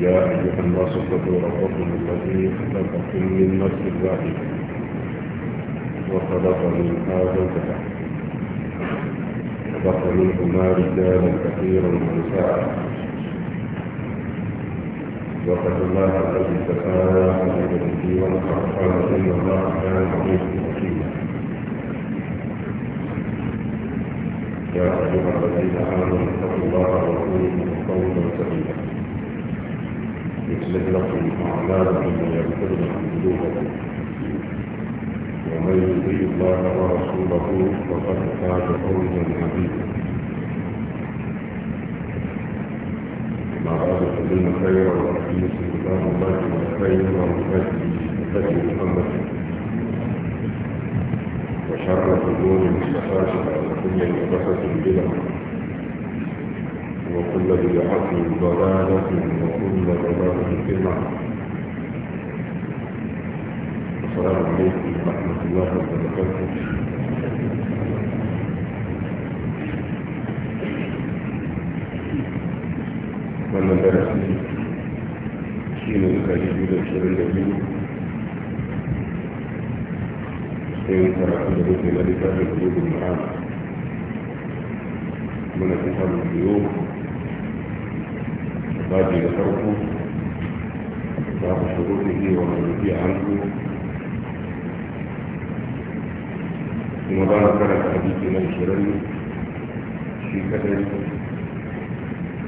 يا أيها الناس اتقوا ربكم الذي خلقكم من نفس واحدة وخلق منها زوجها وخلق منهما رجالا كثيرا ونساء وقد الله الذي تساءلون به قال إن الله كان عليكم حكيما يا أيها الذين آمنوا اتقوا الله وقولوا قولا سديدا يصلح لكم أعمالكم ويغفر لكم ذنوبكم ومن يطيع الله ورسوله فقد فاز فوزا عظيما ما قال سبيل خير وفي سبحان الله خير وفتي فتي محمد وشر الامور المستفاده وكل مدرسه بدعه وكل بدعة ضلالة وكل ضلالة في النار السلام عليكم ورحمة الله وبركاته من درس شين الخليل الشر الذي سيكون تراكم بإذن الله إيه في قلوب المعاني من كتاب اليوم babu da farko babu shuru da yi wa a hannu kuma za mu karanta hadisi na shirin shi kadai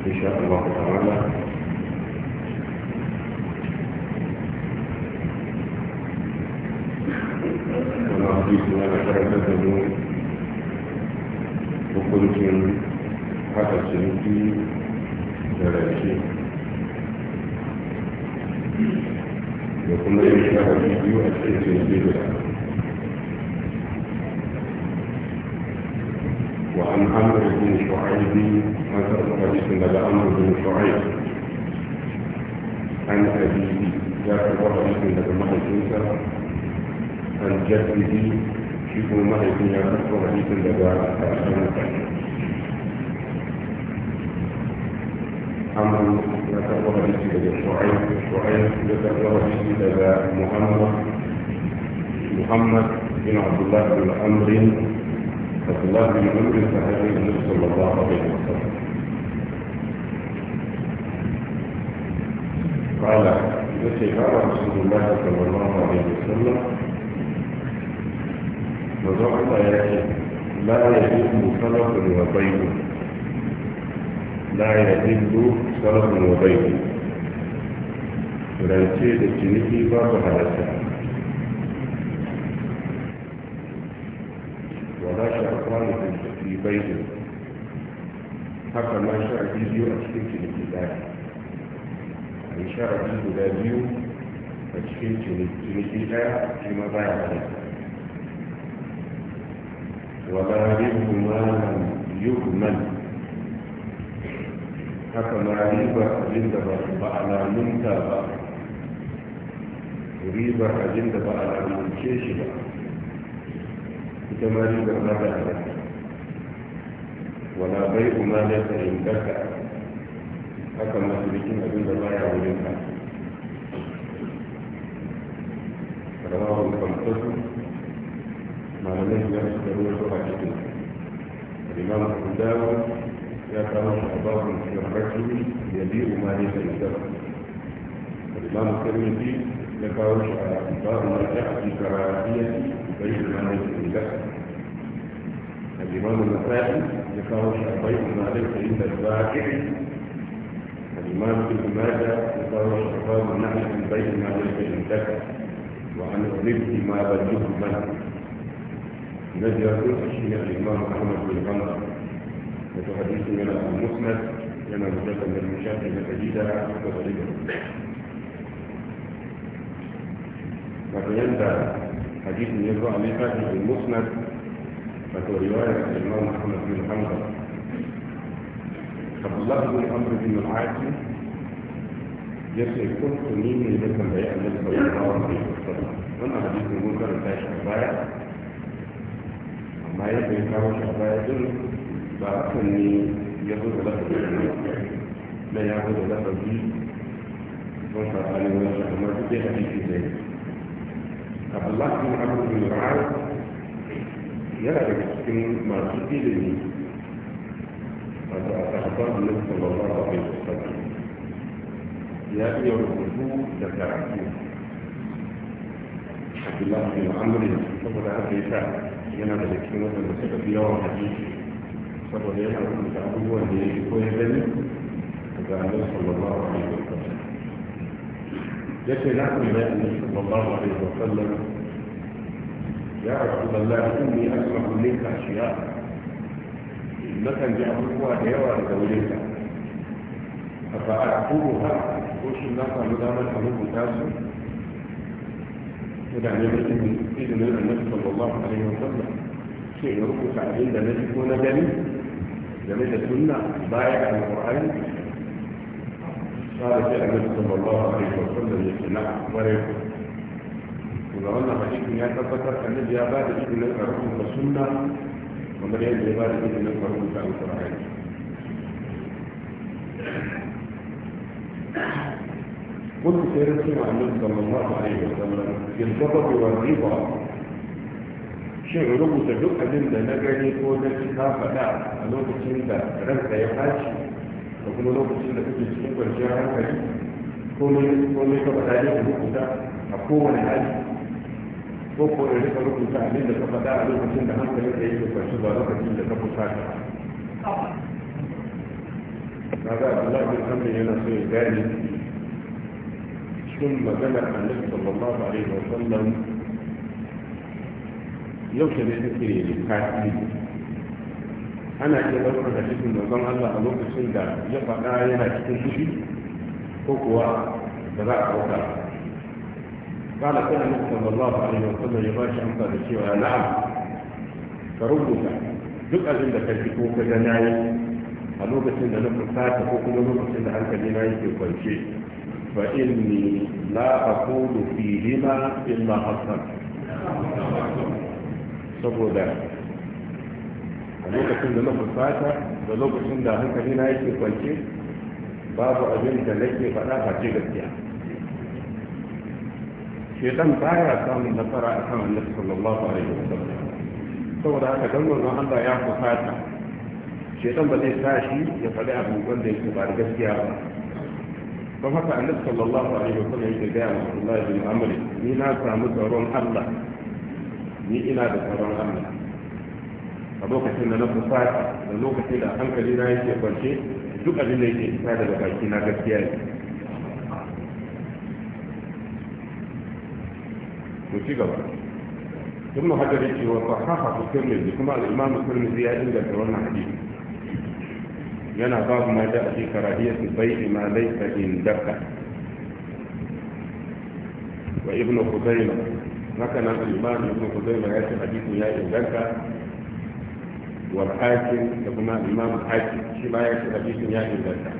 insha Allah ta'ala wannan hadisi na karanta da mu hukuncin hada ciniki تراشي وكما يشاء الفيديو أشياء البدع وعن عمرو بن شعيب هذا الحديث لدى عمرو بن شعيب عن أبيه ذاك الحديث لدى محجوسة عن جده شيخ المحجوسة هذا الحديث لدى أبيه محمد يتأخر به إلى شعيب شعيب يتأخر به إلى محمد محمد بن عبد الله بن عمر عبد الله بن عمر صحابي النبي صلى الله عليه وسلم قال التي قال رسول الله صلى الله عليه وسلم وزعم يا لا يجوز سلف وبيت لا يذل سلف وبيت فرانسي ده تشيكي باب حدث ولا شرطان في بيت حكم ما شاء فيديو اشتكي في الكتاب ان شاء فيديو ده ديو اشتكي في الكتاب في مبايع ولا يهمل يهمل haka ma ribar abin da ba alamunta ba ribar abin da ba alamunce shi ba ita ma ribar ba da halatta wala bai kuma da fahimtarka haka ma bikin abin da baya wurin ka rawahun kamfasu malamai biyar suka ruwa su a cikin الإمام أبو يكره بعضهم في الرجل يبيع ما ليس يكره الإمام الترمذي ذكره على باب ما في كراهية بيع ما ليس يكره الإمام النسائي ذكره على بيع ما ليس عند الباكع الإمام ابن ماجه ذكره على باب النهي عن بيع ما ليس عندك وعن الربح ما بلغه منه نجد الشيخ الإمام محمد بن غمر مثل حديث من المسند لما مجلد من المشاكل الجديدة وغريبة وبيان حديث من يروى عليه فاتح المسند فهو رواية الإمام محمد بن حمد عبد الله بن عمرو بن العاصي يسأل كنت مين اللي كان بيع النبي صلى الله عليه وسلم وانا حديث المنكر بتاع الشعباية ما يبقى يتعاوش الشعباية دول باكني يهود لفظي لا يهود لفظي وانت على وجه ما تجي حديث زي الله بن عبد بن العاص يلا بكتين ما تجي لي أخبار النبي صلى الله عليه وسلم يا أيها الرسول ذكرتيه عبد الله بن عمرو يقول هذا ليس ينادى لكن مثلا سبب يوم حديث فهو يجعل من الأمر هو الذي يجب صلى الله عليه وسلم لكن نحن ما أن صلى الله عليه وسلم يا رسول الله إني أسمح منك أشياء مثلا جاءت هو هيوى لدولتك فأعطوها وش الناس النقطة مدامة حلوك تاسو ودعني بسم الله صلى الله عليه وسلم شيء يروح عليه لنجد هنا جميل game da بعيد عن القرآن قال في النبي صلى الله عليه وسلم يقول وريق إذا قلنا حديث يا تذكر أن يا بعد إذن الأرض والسنة ومن يجب يا بعد إذن الأرض والقرآن قلت سيرتي مع النبي صلى الله عليه وسلم في الغضب والرضا shin rubuta duk abin da na gani ko na ci ka faɗa a lokacin da ranka ya faci da kuma lokacin da kake cikin kwanciyar hankali ko mai ka faɗa ne ka rubuta a kowane hali ko ko in rika rubuta abin da ka faɗa a lokacin da hankalin da yake kwanci ba lokacin da ka fusata kaga Abdullahi bin Amr yana so ya gane cikin maganar Annabi sallallahu alaihi wa sallam yau ke ne duk ne ne kafi ana iya ɗaukar da cikin mazan Allah a lokacin da ya faɗa yana cikin fushi ko kuwa da za a ɗauka قال كان النبي صلى الله عليه وسلم يباشي ان بشيء نعم فربك دقا عند كيفك وكجناي أنوبة عند نفسات وكما نفس عند أنت جناي في كل شيء فإني لا أقول فيهما إلا حسن saboda a lokacin da na fusata da lokacin da hankali na yake kwance babu abin da nake faɗa face gaskiya shedan baya samun nasara a kan annabi sallallahu alaihi wa sallam. saboda haka dan wannan Allah ya fusata shedan ba zai tashi ya faɗi abin wanda yake ba da gaskiya ba don haka annabi sallallahu alaihi wa sallam yake ga Abdullah bin Amr ni na samu tsaron Allah ni ina da tsoron Allah a lokacin da na fusata, da lokacin da hankali na yake kwance duk abin da yake isa daga baki na gaskiya ne ku ci gaba tun mu hajjari cewa sahaha su kirmizi kuma al'imamu kirmizi ya inganta wannan hadisi yana babu ma da ake karahiyar su bai ima laifa in daka wa ibnu khuzaimah haka nan al-imam ibn Khuzaimah ya ce hadisin ya inganta wa hakim da kuma imam hakim shi ma ya ce hadisin ya inganta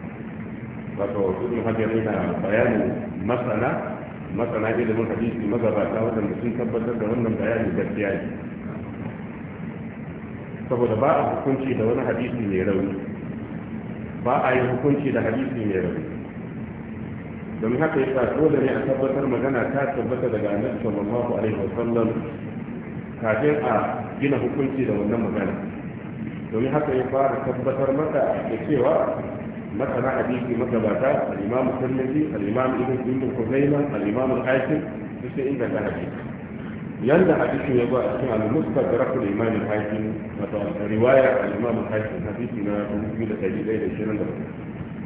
wato ibn Hajar yana bayani masana masana ilimin hadisi magabata wadanda sun tabbatar da wannan bayanin gaskiya ne saboda ba a hukunci da wani hadisi mai rauni ba a yi hukunci da hadisi mai rauni don haka ya sa dole a tabbatar magana ta tabbata daga annabi sallallahu alaihi wasallam kafin a gina hukunci da wannan magana domin haka ya fara tabbatar mata da cewa masana hadisi magabata al-imam tirmidhi al-imam ibn ibn khuzaima al-imam al-hakim sai inda ta hadisi yanda hadisin ya zo a cikin al-mustaq rakul imam al-hakim wato riwaya al-imam al-hakim hadisi na 1127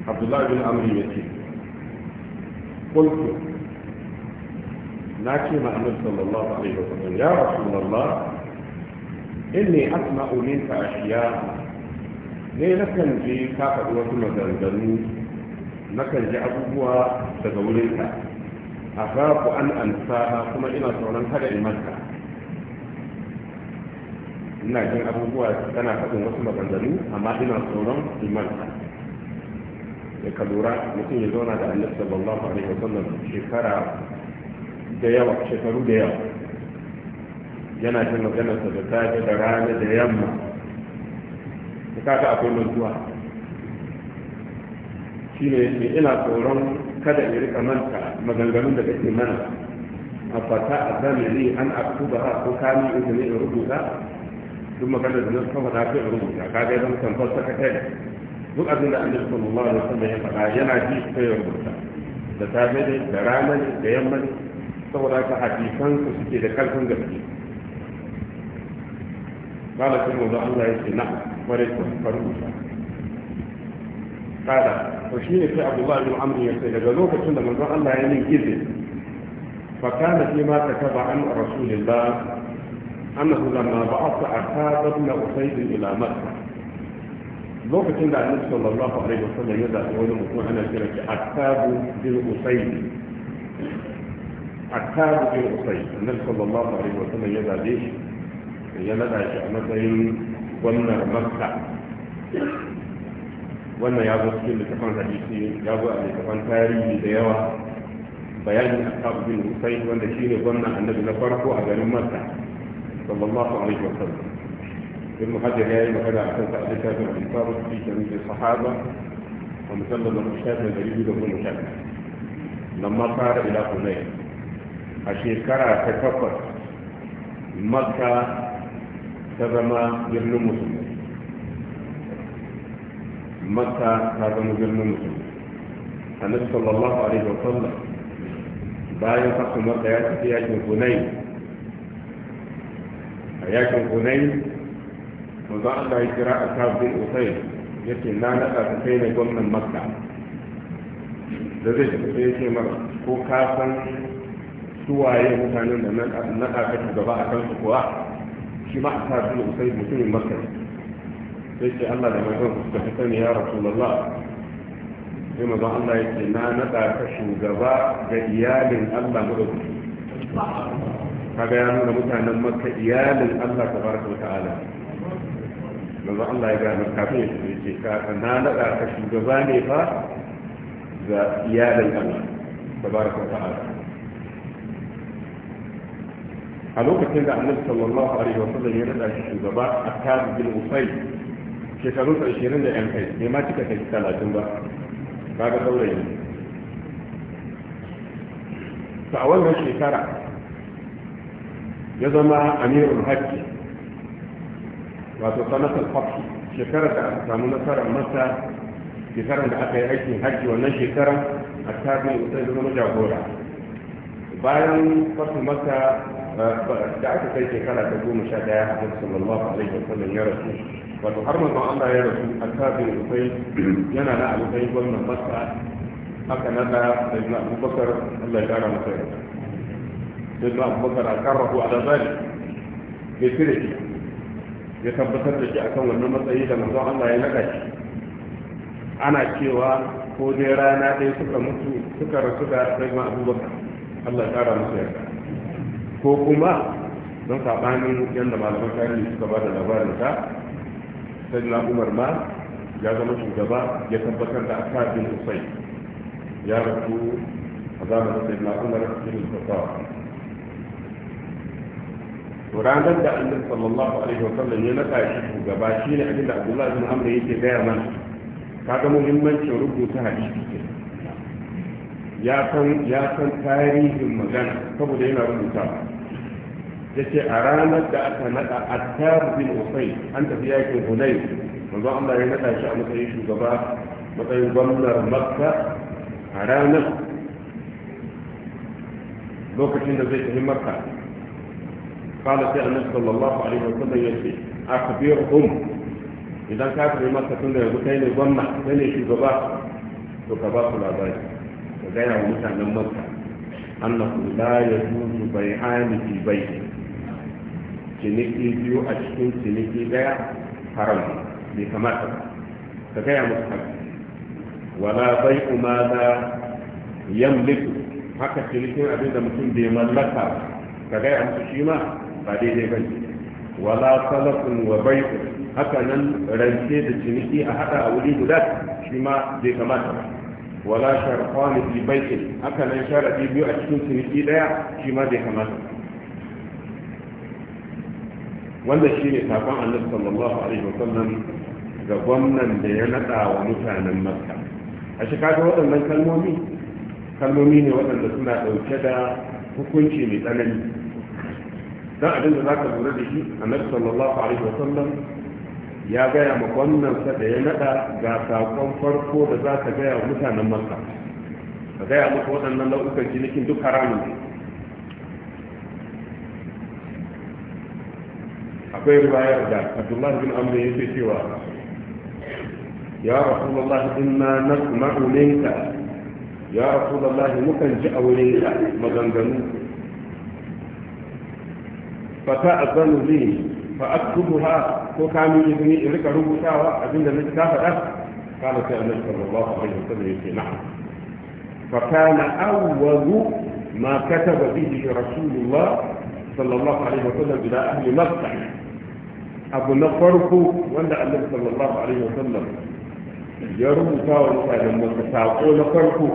Abdullah bin Amr ya ce kulku na ce ma annabi sallallahu alaihi wa sallam ya rasulullah inni asma'u minka ashiya ne na kan je ka faɗi wasu maganganu na kan ji abubuwa daga wurinka a ku an ansaha kuma ina tsoron kada in manta ina jin abubuwa kana faɗin wasu maganganu amma ina tsoron in da ka lura mutum ya zauna da annabi sallallahu alaihi wasallam shekara da yawa shekaru da yawa yana jin maganarsa da safe da rana da yamma da kaga akwai mantuwa shine yake ina tsoron kada in rika manta maganganun da kake mana a fata a zamiri an aktuba ha ko kami izini in rubuta duk maganar da na kafa na in rubuta kaga ya zama tamfar kai. duk abin da annabi sallallahu alaihi wasallam ya faɗa yana ji ko ya rubuta da safe ne da rana ne da yamma ne saboda haka hadisan su suke da karfin gaske kala sai manzo Allah ya ce na kware ko faruta kala to shi ne sai Abdullah bin Amr ya ce daga lokacin da manzo Allah ya yi gizi fa kana fi ma kataba an rasulillah annahu lamma ba'atha asaba ibn usayd ila makkah lokacin da annabi sallallahu alaihi wasallam ya zaɓi wani mutum ana kira shi attabu bil usayd attabu bil usayd annabi sallallahu alaihi wasallam ya zaɓe shi ya nada shi a matsayin gwamnar makka wannan ya zo cikin littafin hadisi ya zo a littafin tarihi da yawa bayanin attabu bil usayd wanda shine gwamnan annabi na farko a garin makka sallallahu alaihi wasallam ابن حجر يا يعني إما كان أحسن تأليفا في الإنصار في جميع الصحابة ومسلم المشاهد الذي يجب المشاهد لما صار إلى حنين كرا تكفر مكة تزمى جرن مسلم مكة تزمى جرن مسلم النبي صلى الله عليه وسلم bayan fasu مكة يأتي في أجل hunain a yakin manzo Allah ya kira a kafin usai ya ce na naɗa ka kai na gwamnan makka da zai tafi sai ya ce mara ko ka san suwaye mutanen da naɗa ka shugaba a kansu kuwa shi ma a kafin usai mutumin makka sai ce Allah da mai manzon suka fi sani ya rasu rasulullah sai mazan Allah ya ce na naɗa ka shugaba ga iyalin Allah maɗaukaki kaga ya nuna mutanen makka iyalin Allah Ta baraka wa ta'ala manzo Allah ya gano kafin ya tafi ce ka na naɗa ka shugaba ne fa ga iyalin Allah tabaraka wa ta'ala a lokacin da annabi sallallahu alaihi wa sallam ya naɗa shi shugaba a tabi bin usai shekaru ashirin da yan kai ne ma cika kai talatin ba kaga saurayi ta a wannan shekara ya zama amirul hajji wato sanatar fafi shekarar da aka samu nasarar masa shekarar da aka yi aikin hajji wannan shekarar a tarihin usai da zama jagora bayan fafi masa da aka kai shekara ta goma sha daya a kan sallallahu alaihi wa sallam ya rasu wato har mazan allah ya rasu a tarihin usai yana na alubai gwamnan masa haka na da da ibn abubakar allah ya kara masa yarda da ibn abubakar a karrahu ala zalik bai cire shi ya tabbatar da shi akan wannan matsayi da manzon Allah ya naka shi ana cewa ko dai rana dai suka mutu suka rasu da sai ma abubakar Allah ya kara musu ko kuma don sabanin yadda malaman tarihi suka ba da labarin ta sai na umar ma ya zama shugaba ya tabbatar da asabin usai ya rasu a zamanin sai na umar cikin khattab to ranar da annabi sallallahu alaihi wa sallam ya naka shi shugaba shine abinda Abdullah bin Amr yake gaya mana kaga muhimmancin rubuta hadisi ya san ya san tarihin magana saboda yana rubuta yace a ranar da aka nada Attar bin Usay an tafi yakin Hunayn manzo Allah ya nada shi a matsayin shugaba matsayin gwamnar Makka a ranar lokacin da zai tafi Makka قال فيها النبي صلى الله عليه وسلم يجي أخبرهم إذا كانت في مكة تنزل بكين الظنة من يشي زباك زكباك الأباي وقال أبو موسى عن مكة أنه لا يجوز بيعان في بيت تنكي بيو أشكين تنكي بيع حرم بكماتة فكي أبو موسى ولا بيع ماذا يملك haka cinikin أبدا da mutum bai mallaka ka gaya musu shi ba daidai ba ne wala salafin wa bai haka nan rance da ciniki a hada a wuri guda shi ma zai kamata ba wala sharfani fi bai'in haka nan sharadi biyu a cikin ciniki daya shi ma zai kamata wanda shi ne sakon annabi sallallahu alaihi wa sallam ga gwamnan da ya nada wa mutanen makka a shi kaga waɗannan kalmomi kalmomi ne waɗanda suna ɗauke da hukunci mai tsanani dan abin da zaka lura da shi annabi sallallahu alaihi wasallam ya gaya ma wannan sa da ya nada ga sakon farko da za ka gaya wa mutanen makka ka gaya musu waɗannan nau'ukan cinikin duk haramun akwai riwayar da abdullahi bin amr yake cewa ya rasulullah inna nasma'u minka ya rasulullah mukan ji aurenka maganganu fata azanu li fa ha ko ka kamin izini in rika rubutawa abinda na ta faɗa kana sai annabi sallallahu alaihi wasallam yake na'am fa kana awwalu ma kataba bihi rasulullah sallallahu alaihi wasallam ila ahli makkah abu na farko wanda annabi sallallahu alaihi wasallam ya rubuta wa mutanen maka sako na farko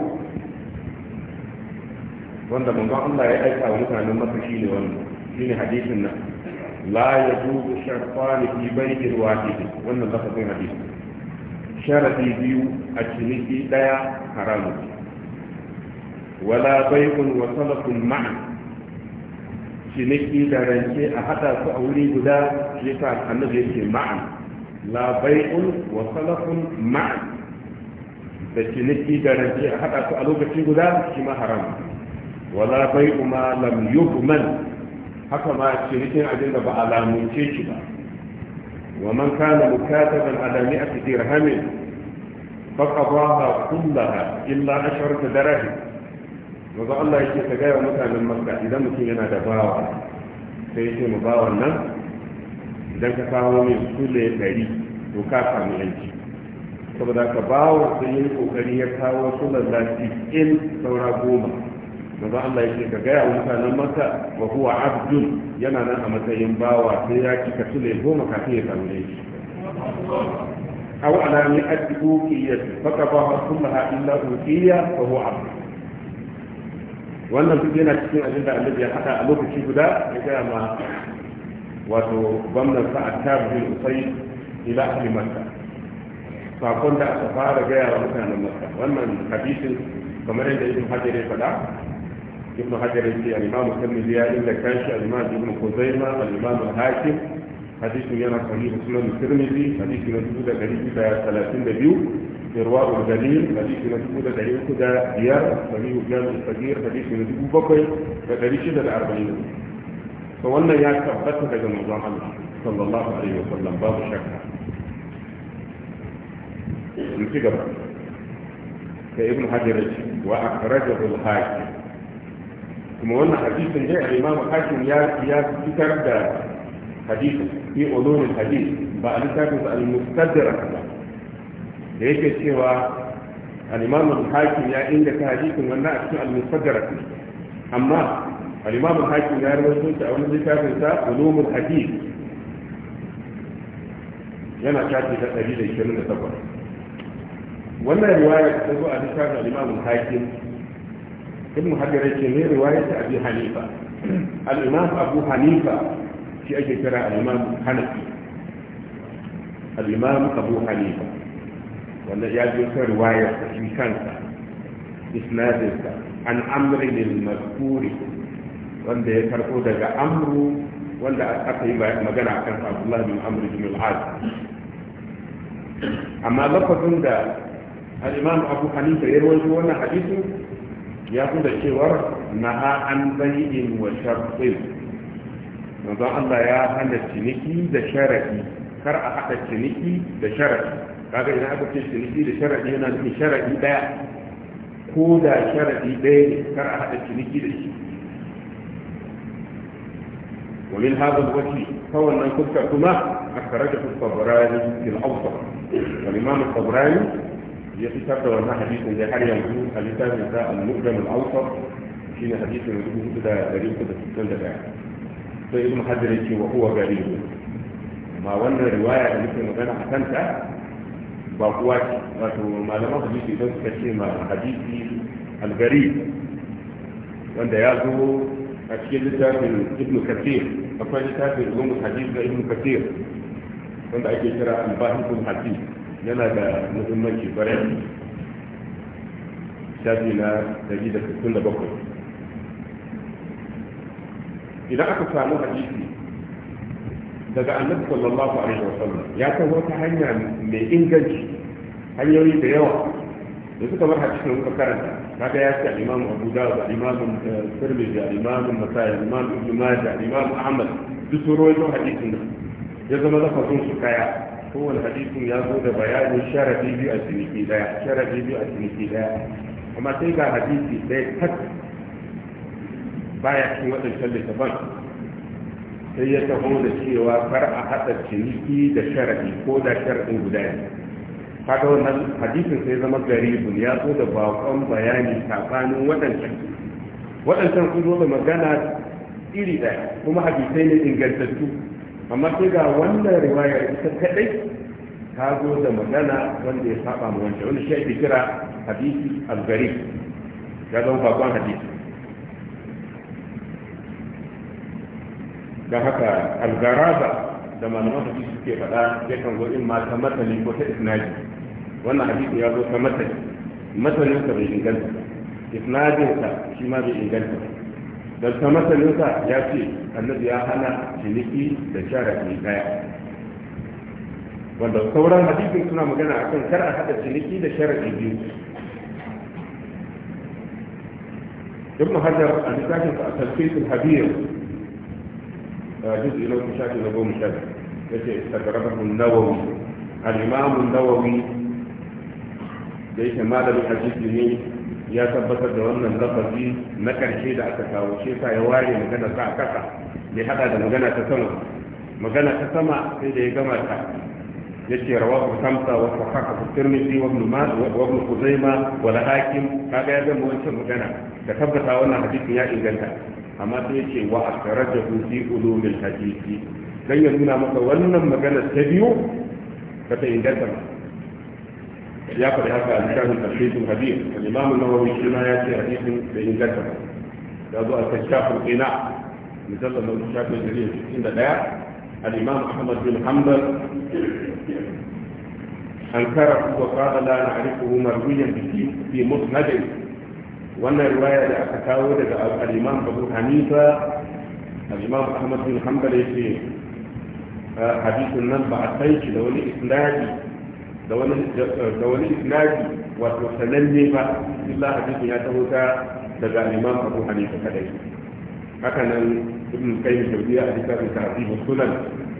wanda manzon Allah ya aika wa mutanen maka shine wannan shine hadisin nan la yajuzu sharfani fi baitin wahidin wannan lafazin hadisin sharadi biyu a ciniki daya haramu wala bai'un wa salafun ciniki da rance a hada su a guda shi yake la da ciniki da rance a haɗa su a lokaci guda shi ma haram. wala bai'u ma lam yuhman haka ma cinikin abin da ba lamunce shi ba wa man kana mukataban ala mi'ati dirhamin fa qadaha kullaha illa asharata darahim maza Allah yake ta gaya mutanen Makka idan mutum yana da bawa sai yake mu bawan nan idan ka kawo min sule ɗari to ka samu yanci saboda ka bawa sai yi kokari ya kawo sunan lati in saura goma manzo Allah yake ka gaya wa mutanen Makka wa huwa abdun yana nan a matsayin bawa sai ya kika tule goma kafin ya samu laifi aw ala min al ba kuma ha illa uqiyya fa huwa abd wannan duk yana cikin abin da Annabi ya hada a lokaci guda ya gaya ma wato gwamnan sa'ad tabi'in sai ila ahli makka sakon da aka fara gaya wa mutanen makka wannan hadisin kamar yadda ibn hajar ya faɗa ابن حجر في الإمام الترمذي إلا كاش الإمام ابن خزيمة الإمام الهاشم حديث ينا صحيح سنن الترمذي حديث من سبودة دليل دا 32 إرواء الدليل حديث من سبودة دليل دا ديار صحيح جامع الصغير حديث من سبودة بقي فدليل شدة 40 فوانا يا ثبت لك النظام صلى الله عليه وسلم باب الشكر الفجر كابن حجر وأخرجه الحاكم kuma wannan hadisin dai al-imam hakim ya ya fitar da hadisin fi ulum al-hadis ba a littafin al-mustadrak ba da yake cewa al-imam hakim ya inganta hadisin wannan a cikin al-mustadrak amma al-imam hakim ya rawaito shi a wani littafin sa ulum al-hadis yana shafi da 128 wannan riwaya ta zo a littafin al-imam hakim ibn hajar yake ne riwayar ta abu hanifa al abu hanifa shi ake kira al-imam hanafi al abu hanifa wanda ya ji riwaya riwayar shi kansa isnadinsa an amrin al-mazkuri wanda ya karɓo daga amru wanda aka yi magana a kan abdullahi bin amru bin al amma lokacin da al abu hanifa ya rawaito wannan hadisin ya nuna cewar naha an bai'in wa sharfin manzo Allah ya hana ciniki da sharadi kar a haɗa ciniki da sharadi kaga idan aka ce ciniki da sharadi yana nufin sharadi ɗaya ko da sharadi ɗaya ne kar a haɗa ciniki da shi ومن هذا الوجه فهو أن كنت كما أخرجه الطبراني في الأوسط والإمام الطبراني يتكرر مع حديث زي حاجة يقول الإنسان ده المؤلم الأوسط فينا حديث طيب يقول كده بريء كده في السنة ده فإذا ما حد يجي وهو بريء ما وانا رواية اللي كنا بنا حسنة بقوات ما لم أقل في ذلك كثير من حديث البريء وانا يقول أشكال لتافل ابن كثير أقول لتافل أم الحديث ابن كثير وانا أجي ترى الباحث الحديث yana da muhimmanci kwarai shafi na 167 idan aka samu hadisi daga annabi sallallahu alaihi sallam ya san wata hanya mai inganci hanyoyi da yawa da suka bar da muka karanta kaga ya ce al-imamu abu dawud da imamu eh, tirmidhi da imamu masaya al-imamu ibn majah al-imamu ahmad duk sun rawaito hadisin nan ya zama lafazin su kaya kowane hadisin ya zo da bayanin sharadi biyu a ciniki daya sharadi biyu a ciniki daya amma sai ga hadisi ɗaya tak baya cikin waɗancan littafan sai ya taho da cewa kar a haɗa ciniki da sharadi ko da sharadin guda ne kaga wannan hadisin sai zama garibun ya zo da bakon bayani tsakanin waɗancan waɗancan sun zo da magana iri ɗaya kuma hadisai ne ingantattu amma sai ga wannan riwaya ita kadai ta zo da magana wanda ya saba mu wanda wanda shi ake kira hadisi al-gari ya zama bakon hadisi da haka al garaza da malaman hadisi suke faɗa sai kan zo in ma ta matali ko ta isnadi wannan hadisi ya zo ta matali matalin sa bai inganta isnadin sa shi ma bai inganta ba don ta masaninsa ya ce annabi ya hana ciniki da sharafi daya wanda sauran hadisin suna magana akan kar a hada ciniki da sharafi biyu ibn hajar a littafin sa a tarfisul habir juz ilo shafi na goma sha ya ce sakarabar nawawi al-imam nawawi da yake malamin hadisi ne ya tabbatar da wannan lafazi na ƙarshe da aka kawo shi sa ya ware magana sa a kasa ya hada da magana ta sama magana ta sama sai da ya gama ta yace rawahu samsa wa sahaha tirmidhi wa ibn majah wa ibn khuzaimah wa al-hakim kaga ya gama wancan magana da tabbata wannan hadisin ya inganta amma sai ya yace wa akhrajahu fi ulumil hadisi dan ya nuna maka wannan magana ta biyu ba ta inganta ba يقرا هذا الكتاب التوحيد الكبير الامام النووي كما ياتي حديث بين ذكر يبدو استكشاف القناع مثل ما استكشاف الجليل عند الايه الامام احمد بن حنبل انكره وقال لا نعرفه مرويا في في مسند وان الروايه لاتكاود الامام ابو حنيفه الامام احمد بن حنبل في آه، حديث المنبع الثاني لولي اسنادي da wani da wato sananne ba illa hadisin ya taho ta daga imam abu hanifa kadai haka nan ibn qayyim jawziya a littafin ta'dib sunan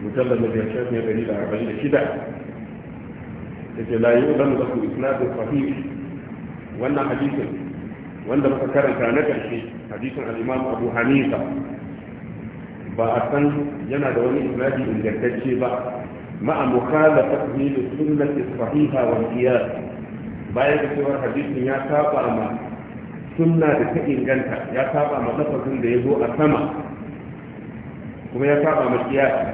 mujallad na biyar shafi na dari da arba'in da shida yace la yu'lamu lahu isnadu sahih wannan hadisin wanda muka karanta na karshe hadisin al-imam abu hanifa ba a san yana da wani isnadi ingantacce ba مع مخالفته للسنة الصحيحة والقياس bayan da cewar hadisin ya saba ma sunna da ta inganta ya saba ma lafazin da ya zo a sama kuma ya saba ma kiyasi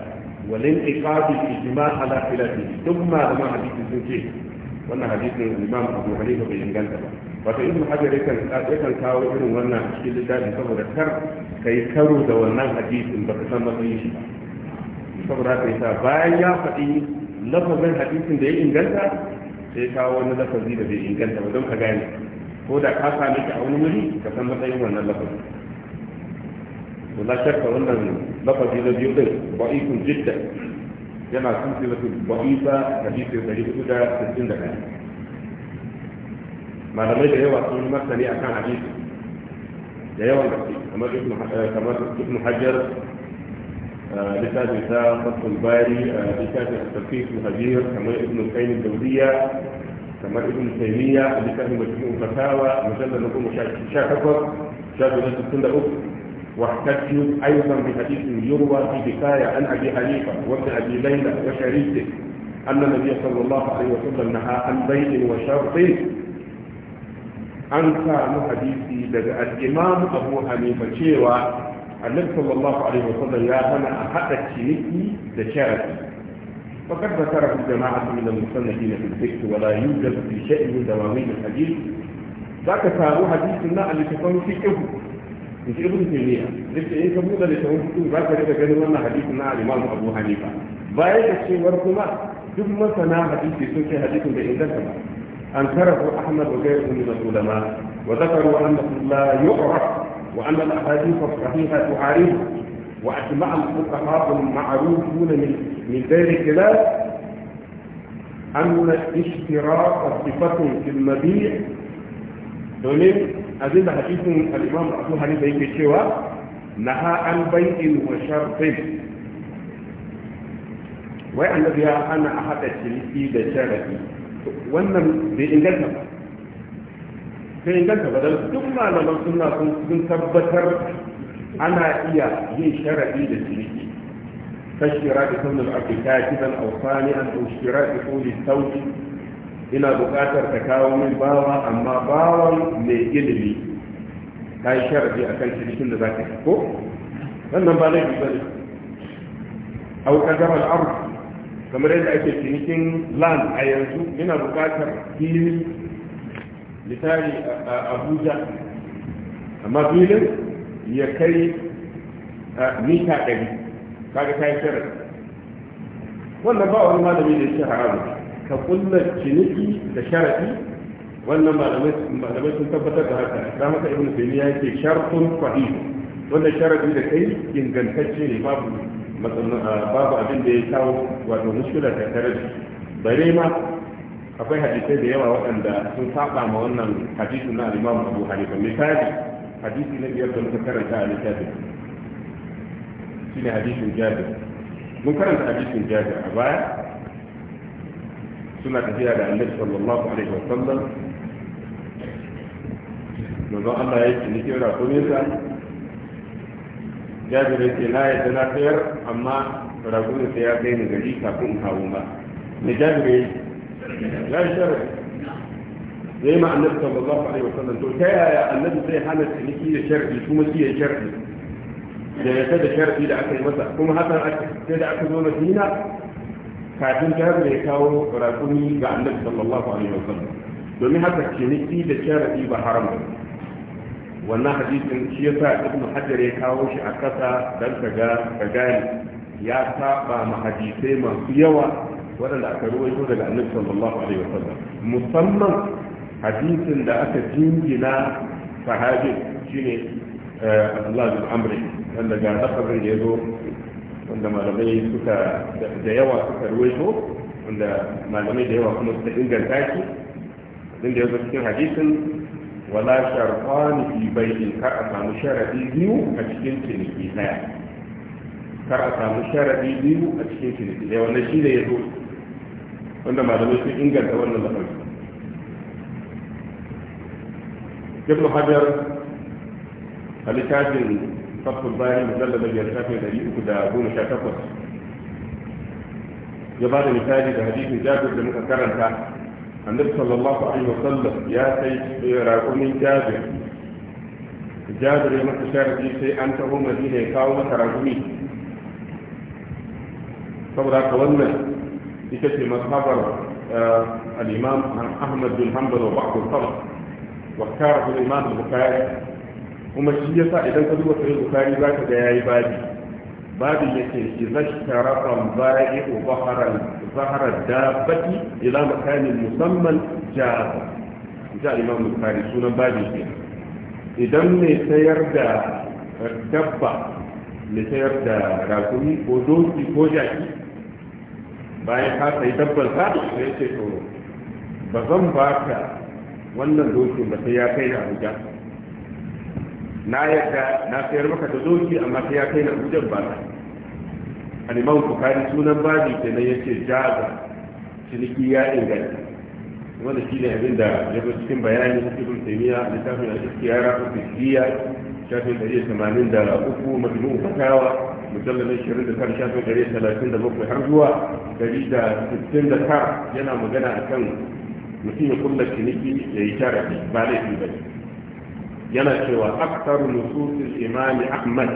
walin iqabi ijma ala filati duk ma da hadisin sun ce wannan hadisin imam abu hanifa bai inganta ba wato ibn hajar yakan yakan kawo irin wannan cikin littafi saboda kar kai karo da wannan hadisin baka san matsayin shi ba saboda haka yasa bayan ya faɗi lafazin hadisin da ya inganta sai kawo wani lafazi da bai inganta ba don ka gane ko da ka sami ka a wani wuri ka san matsayin wannan lafazi to la shakka wannan lafazi na biyu din ba'ifun jidda yana silsilatul ba'ifa hadisi 461 malamai da yawa sun martani akan hadisi da yawan gaske kamar ibn hajar لكتاب نساء فتح الباري آه، لكتاب التفكيك الهجير كمان ابن القيم الدوليه كمان ابن التيميه لكتاب مجموع الفتاوى مجلد نقول مشاهد شاكر شاهد مجلد كل اخر واحتجت ايضا بحديث يروى في كفايه عن ابي حنيفه وابن ابي ليلى وشريكه ان النبي صلى الله عليه وسلم نهى عن بيت وشرط انسى انكر حديثي الامام ابو حنيفه شيوه النبي صلى الله عليه وسلم يا من أحد تشينيكي دشارتي فقد ذكره الجماعة من المسندين في الفكر ولا يوجد في شيء من دوامي الحديث ذاك سارو حديث لنا اللي تكون في كهو مش ابن تيمية لسه إيه كمودة اللي تكون في كهو ذاك ريك كنوا لنا حديث لنا الإمام أبو حنيفة بايك الشيء ورقما ثم ما سنا حديث يسوكي حديث بإنزل كما أنكره أحمد وغيره من العلماء وذكروا أنه لا يعرف وأن الأحاديث الصحيحة تعارض وأجمع الفقهاء المعروفون من من ذلك لا أن الاشتراك صفة في المبيع دونين أزيد حديث الإمام أبو حنيفة يكتشوى نهى عن بيع وشرط وأن الذي أنا أحد الشريكي بشارتي وأن بإنجازنا sai ganka ba don duk malaman suna sun tabbatar ana iya yin sharaɗi da ciniki kashira da sunan afirka kidan ausani an taushira da tsohon sauki ina buƙatar ka kawo min bawa amma bawan mai ilimi ta yi sharaɗi a kan cinikin da za ka ko wannan ba laifi ba ne aukar gabar arzu kamar yadda ake cinikin land a yanzu ina buƙatar fili misali a abuja amma filin ya kai mita ɗari kaga kayan shirin wannan ba wani malami da shi haramu ka kulla ciniki da sharafi wannan malamai sun tabbatar da haka da maka ibn taymiya yake shartun sahih wannan sharafi da kai ingantacce ne babu babu abin da ya kawo wato mushkila ta tare da bare ma akwai hadisai da yawa waɗanda sun saba ma wannan hadisi na alimamu Abu Hanifa misali hadisi na biyar da muka karanta a littafin ne hadisin Jabir mun karanta hadisin Jabir a baya suna tafiya da Annabi sallallahu alaihi wa sallam manzon Allah ya ce ni kira kome sa Jabir ya ce na yadda na sayar amma ragunin sai ya kai ni gari kafin kawo ba ne Jabir ya ya yi sharri zai ma annabi sallallahu alaihi wasallam to ta yaya annabi zai hana ciniki da sharri kuma shi ya sharri da ya da sharri da aka yi masa kuma hakan sai da aka zo na dina kafin ta da ya kawo rakumi ga annabi sallallahu alaihi wasallam domin haka ciniki da sharri ba haram ba wannan hadisin shi ya sa ibn hajar ya kawo shi a kasa don ka gane ya saba ma hadisai masu yawa ولا الاعتراف يقول لا النبي صلى الله عليه وسلم مصمم حديث لا تجين جنا صحابي شيني عبد الله بن عمري عند جاد خبر يدو عندما لقي سكا ديوا سكر وجهه عند ما لقي ديوا مستقيم جلتاكي من ديوا سكين حديث ولا شرطان في بيت كأس مشارة ديو أشكين تنكيها كأس مشارة ديو أشكين تنكيها ونشيل يدو wanda malamai sun inganta wannan lafazi ibn hajar a littafin fatul bayan mujallar da biyar shafi ɗari uku da goma sha takwas ya ba da misali da hadisin jabir da muka karanta annabi sallallahu alaihi wasallam ya kai raƙumin jabir jabir ya masa sharadi sai an taho madina ya kawo masa raƙumi saboda haka wannan بفتح ما آه، الإمام أحمد بن حنبل وبعض الطرق وكاره الإمام البخاري ومشيئة إذا تدوى في البخاري ذاك جاء بادي بادي يكي إذا اشترط البائع ظهر ظهر الدابة إلى مكان مسمى جاء جاء الإمام البخاري سنة بادي إذا لم يتيرد الدابة لتيرد راكمي ودوتي فوجاكي bayan ka sai dabbar sa sai ce to ba zan ba ka wannan dokin ba sai ya kai na Abuja na yadda na sayar maka da doki amma sai ya kai na Abuja ba ta al ku Bukhari sunan babi ya ce jaza ciniki ya inganta wanda shi ne abin da ya cikin bayanin ibn a littafin al da fi shafin 183 majmu fatawa mujallalin 29 shafin 137 har zuwa 169 yana magana akan mutum ya kulla ciniki ya yi sharafi ba laifi ba yana cewa aktar nususin imami ahmad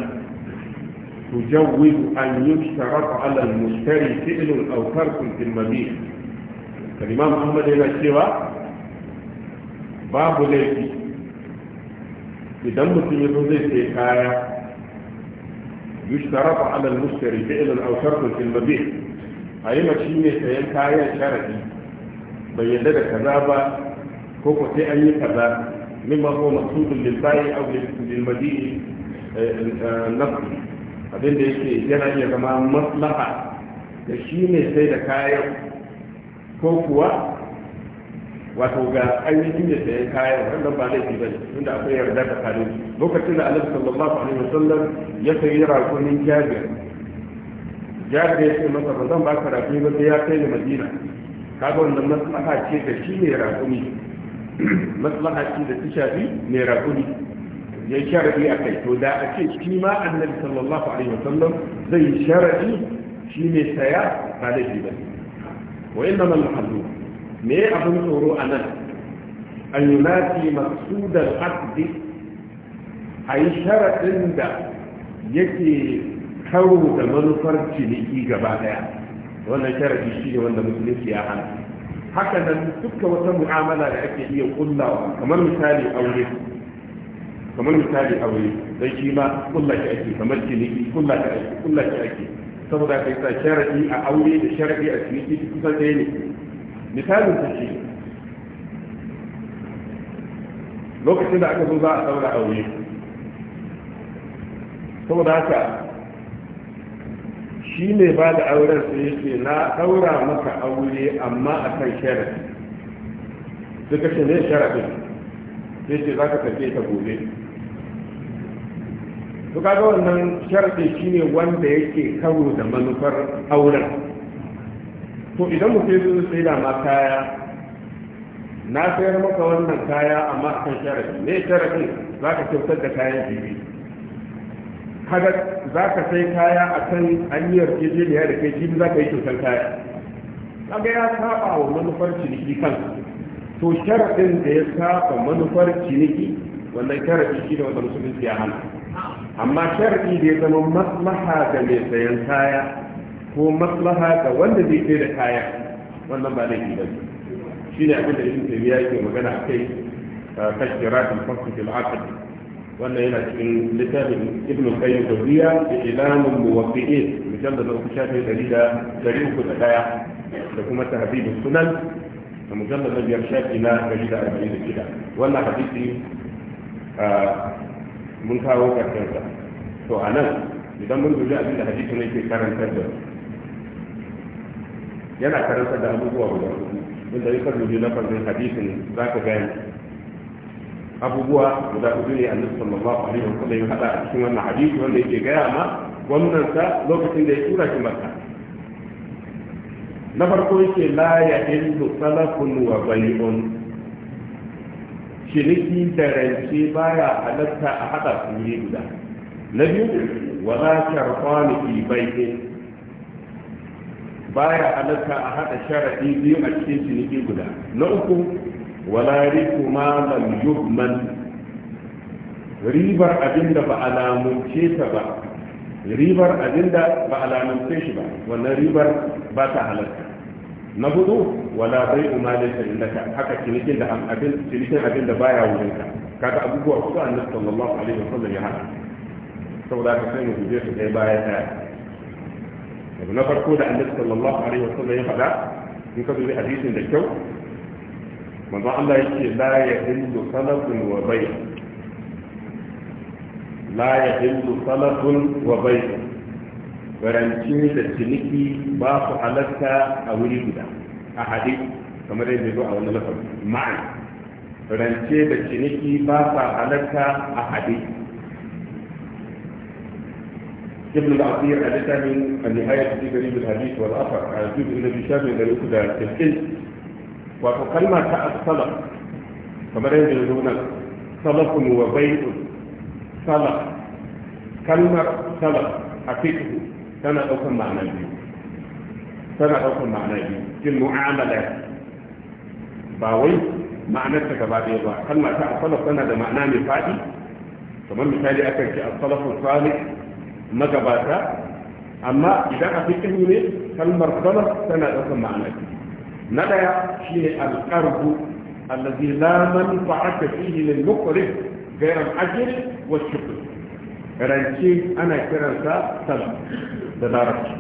تجوز أن يشترط على المشتري فعل أو ترك في المبيع الإمام أحمد هنا cewa babu laifi idan mutum ya zo zai sai kaya fa ala al-mushtari fi'lan aw shartun fil mabi' shi shine sayan kayan sharadi bai yadda da kaza ba ko ko sai an yi kaza Min ma huwa maqsudun lil bai'i aw lil madi'i eh, eh, nafsi abin da yake yana iya zama maslaha da shi ne sai da kaya ko kuwa wato ga ainihin da sayan kayan wannan ba laifi ba ne tunda akwai yarda da kare lokacin da annabi sallallahu alaihi wasallam ya sayi rakunin jabir jabir ya ce masa ba zan baka rakuni ba sai ya kai ni madina kaga wannan maslaha ce da shi ne rakuni maslaha ce da tishafi ne rakuni ya yi sharadi a kai to da a ce shi ma annabi sallallahu alaihi wasallam zai sharadi shi ne saya ba laifi ba ne wa inna man mahallu me abin tsoro a nan a yi an masu maksudar asidi a yi sharaɗin da yake kawo da manufar ciniki gaba ɗaya wannan sharaɗi shi ne wanda musulunci ya hana haka nan duka wata mu'amala da ake iya kullawa kamar misali aure kamar misali aure don shi ma kulla shi ake kamar ciniki kulla shi ake kulla shi ake saboda yi sa sharaɗi a aure da sharaɗi a ciniki kusan ɗaya ne misalin ta ce lokacin da aka zo za a saura aure saboda haka shi ne ba da auren sai yake na saura maka aure amma a kan shara duka shi ne sai ce za ka tafiye ta gobe to kaga wannan shi shine wanda yake karo da manufar auren to idan mutum zai sai da ma kaya na sayar maka wannan kaya amma akan sharafi ne sharafin za ka kyautar da kayan bibi kaga za ka sai kaya akan an yi yarjejeniya da kai jibi za ka yi kyautar kaya kaga ya saba wa manufar ciniki kan, to sharafin da ya saba manufar ciniki wannan sharafi shi da wanda musulunci ya hana amma sharafi da ya zama maslaha ga mai sayan kaya ko maslaha ga wanda zai kai da kaya wannan ba laifi ba shi ne abin da ibn taymiya yake magana akai tashkirat al-fasl fil aqd wannan yana cikin littafin ibn qayyim tawbiya da ilamul muwaqqi'in mujallad na uku shafi dari da dari uku da daya da kuma tahdidus sunan da mujallad na biyar shafi na dari da arba'in da shida wannan hadisi mun kawo karshen sa to anan idan mun dubi abin da hadisi ne ke karantar da yana karanta da abubuwa guda hudu inda ya kan na lafazin hadisin za ka gani abubuwa guda hudu ne annabi sallallahu alaihi wa sallam ya hada a cikin wannan hadisi wanda yake gaya ma wannan sa lokacin da ya tura shi makka na farko yake la ya illu salafun wa bai'un ciniki da rance baya halatta a hada su guda na biyu ka rufa ni bai'in baya halatta a haɗa sharadi biyu a cikin ciniki guda na uku wala riku ma lam yubman ribar abinda ba alamunce ta ba ribar abinda ba alamunce shi ba wannan ribar ba ta halatta na hudu wala bai umalin ta indaka haka cinikin da abin cinikin abin da baya wurinka kaga abubuwa ko annabi sallallahu alaihi wasallam ya hada saboda ka sai mu je su kai baya ta daga na farko da annabi sallallahu alaihi wasallam ya faɗa in ka dubi hadisin da kyau manzo Allah yake la yahillu salatun wa bay la yahillu salatun wa bay garanci da ciniki ba su halatta a wuri guda a hadis kamar yadda zo a wani lafazin ma'ana rance da ciniki ba sa halatta a hadis ابن العصير الثاني النهاية في قريب الحديث والأثر على الجزء الذي شاب من الأولى تلقي وتكلم كالصلف كما يقولون صلف وبيت صلف كلمة صلف حقيقة سنة أوكا معنى دي سنة أوكا معنى دي في المعاملة باوي معنى تكبابي كلمة صلف سنة معنى مفادي فمن مثالي أكل كالصلف الصالح magabata amma idan a fikihu ne kalmar salaf tana ɗaukar ma'ana na ɗaya shine alƙarbu allazi la manfa'ata fihi lil ne ghayr gairan ajr wa shukr rance ana kiransa sal da larabci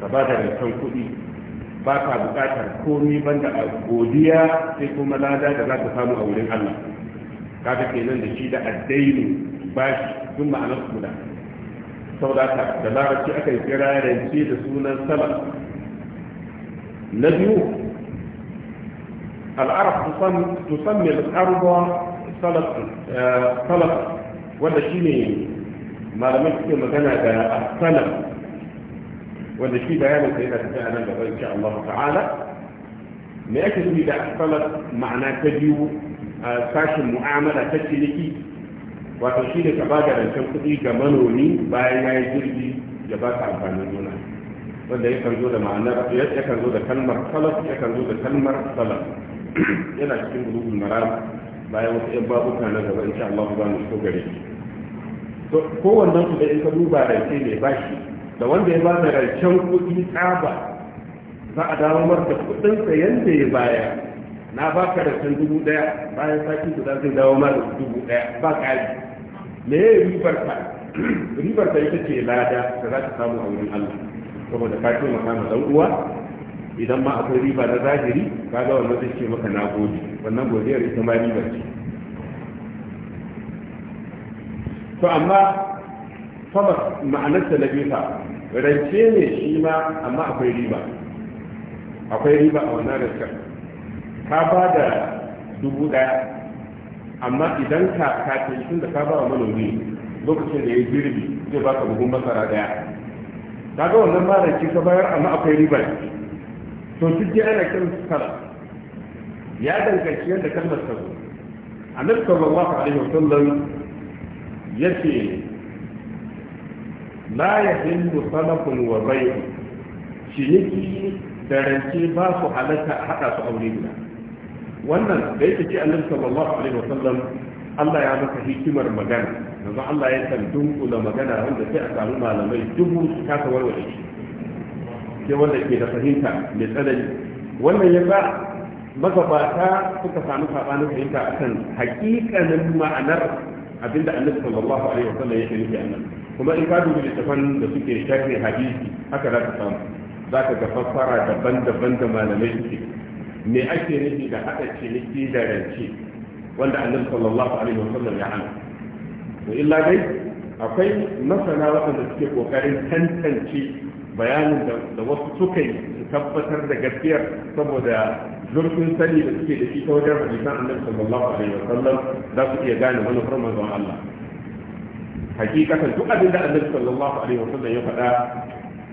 ka ba da rancen kuɗi ba ka buƙatar komi banda a godiya sai kuma lada da za ka samu a wurin Allah kaga kenan da shi da addaini bashi duk ma'anar su guda saboda haka da larabci akan kira rance da sunan salaf na biyu al'arab tusammi al'arba salaf wanda shi ne malamai suke magana da salaf wanda shi bayanin sai da tafiya nan gaba insha Allah ta'ala me ake nufi da salaf ma'ana ta biyu sashin mu'amala ta ciniki wato shi da ka ba da rancen kuɗi ga manomi bayan ya yi jirgi ya ba ka amfanin gona wanda kan zo da ma'anar kan zo da kalmar salaf kan zo da kalmar salaf yana cikin bulugul maram bayan wasu yan babuka na gaba insha Allah ba mu so gare shi to kowannen su da in ka duba rance ne ba shi da wanda ya ba da rancen kuɗi tsaba za a dawo mar da kuɗin sa yanda ya baya, na baka da san dubu daya bayan sati guda zai dawo ma da dubu daya ba ƙari me ya ribar ta ribar ita ce lada da za ta samu a wurin Allah saboda ka ce maka ma dan uwa idan ma akwai riba na zahiri ka ga wannan zai ce maka nagode wannan godiyar ita ma ribar ce to amma fama ma'anarsa na biyu rance ne shi ma amma akwai riba akwai riba a wannan rancen ka ba da dubu daya amma idan ka ka ce tun da ka ba wa manomi lokacin da ya girbi zai baka buhun masara daya kaga wannan maraki ka bayar amma akwai riba to duk dai ana kin sara ya danganci yadda kalmar ta zo annabi sallallahu alaihi wasallam yace la yahillu salafun wa bay'u ciniki da rance ba su halaka a haɗa su aure guda wannan da yake ce annabi sallallahu alaihi wasallam Allah ya maka hikimar magana yanzu Allah ya san dunkula magana wanda sai a samu malamai dubu su kasa warware shi sai wanda ke da fahimta mai tsanani wannan ya sa magabata suka samu sabanin fahimta akan hakikanin ma'anar abinda annabi sallallahu alaihi wasallam ya nufi annabi kuma in ka dubi littafan da suke sharhi hadisi haka za ka samu za ka ga fassara daban-daban da malamai suke me ake nufi da haɗa ciniki da rance wanda annabi sallallahu alaihi wasallam ya hana to illa dai akwai masana waɗanda suke kokarin tantance bayanin da wasu suka yi su tabbatar da gaskiyar saboda zurfin sani da suke da shi ta wajen hadisan annabi sallallahu alaihi sallam za su iya gane wani manufar manzon Allah hakikatan duk abin da annabi sallallahu alaihi sallam ya faɗa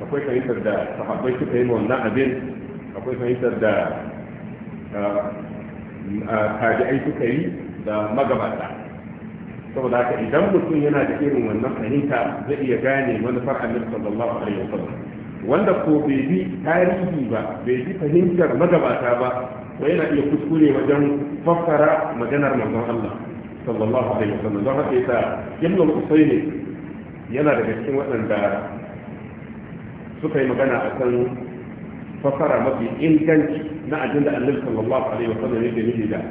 akwai fahimtar da sahabbai suka yi wannan abin akwai fahimtar da tabi'ai suka yi da magabata saboda haka idan mutum yana da irin wannan fahimta zai iya gane manufar annabi sallallahu alaihi wasallam wanda ko bai bi tarihi ba bai bi fahimtar magabata ba ko yana iya kuskure wajen fassara maganar manzon Allah sallallahu alaihi wasallam don haka yasa ibn al-usayni yana daga cikin waɗanda suka yi magana akan fasara mafi inganci na ajinda annabi sallallahu alaihi wasallam yake nufi da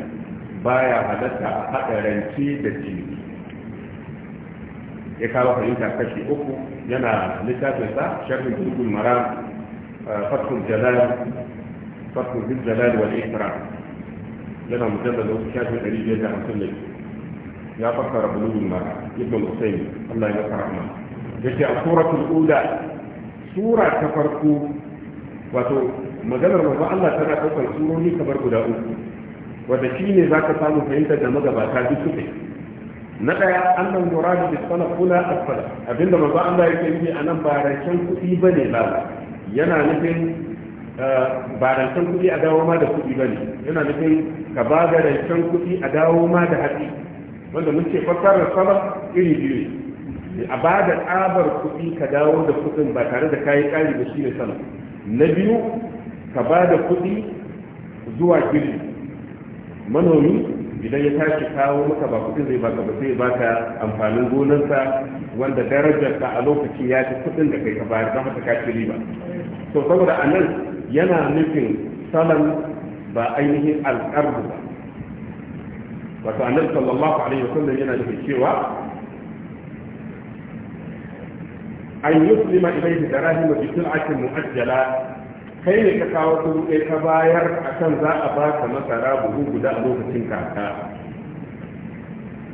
baya halatta a haɗa ranci da jini. ya kawo fahimta kashi uku yana littafin sa sharhin bulugul maram fathul jalal fathul bil jalal wal ikram yana mujallal wasu shafin ɗari biyar da hamsin da ya fassara bulugul maram ibn usaimi allah ya masa rahma yake a suratul ula sura ta farko wato maganar manzo Allah tana ɗaukar surori kamar guda uku wanda shi ne za ka samu fahimtar da magabata duk suke na ɗaya annan muradu da sana kula asfala abinda manzo Allah yake nufi a nan barancan kuɗi ba ne ba. yana nufin eh, barancan kuɗi a dawo ma da kuɗi ba ne yana nufin ka ba da rancen kuɗi a dawo ma da hatsi wanda mun ce fassarar sama iri biyu ne a ba da tsabar kuɗi ka dawo da kuɗin ba tare da kayi ƙari da shi ne sana na biyu ka ba da kuɗi zuwa girbi manomi idan ya tashi kawo maka ba kuɗin zai baka ba sai baka amfanin gonarsa wanda ka a lokaci ya ci kuɗin da kai ka ba da haka ka ci riba to saboda a nan yana nufin salon ba ainihin alƙarbu ba wato annabi sallallahu alaihi wasallam yana nufin cewa an da ilayhi darahima bi ake mu'ajjala kai ne ka kawo su ɗaya ka bayar a kan za a ba ka masara buhu guda a lokacin kaka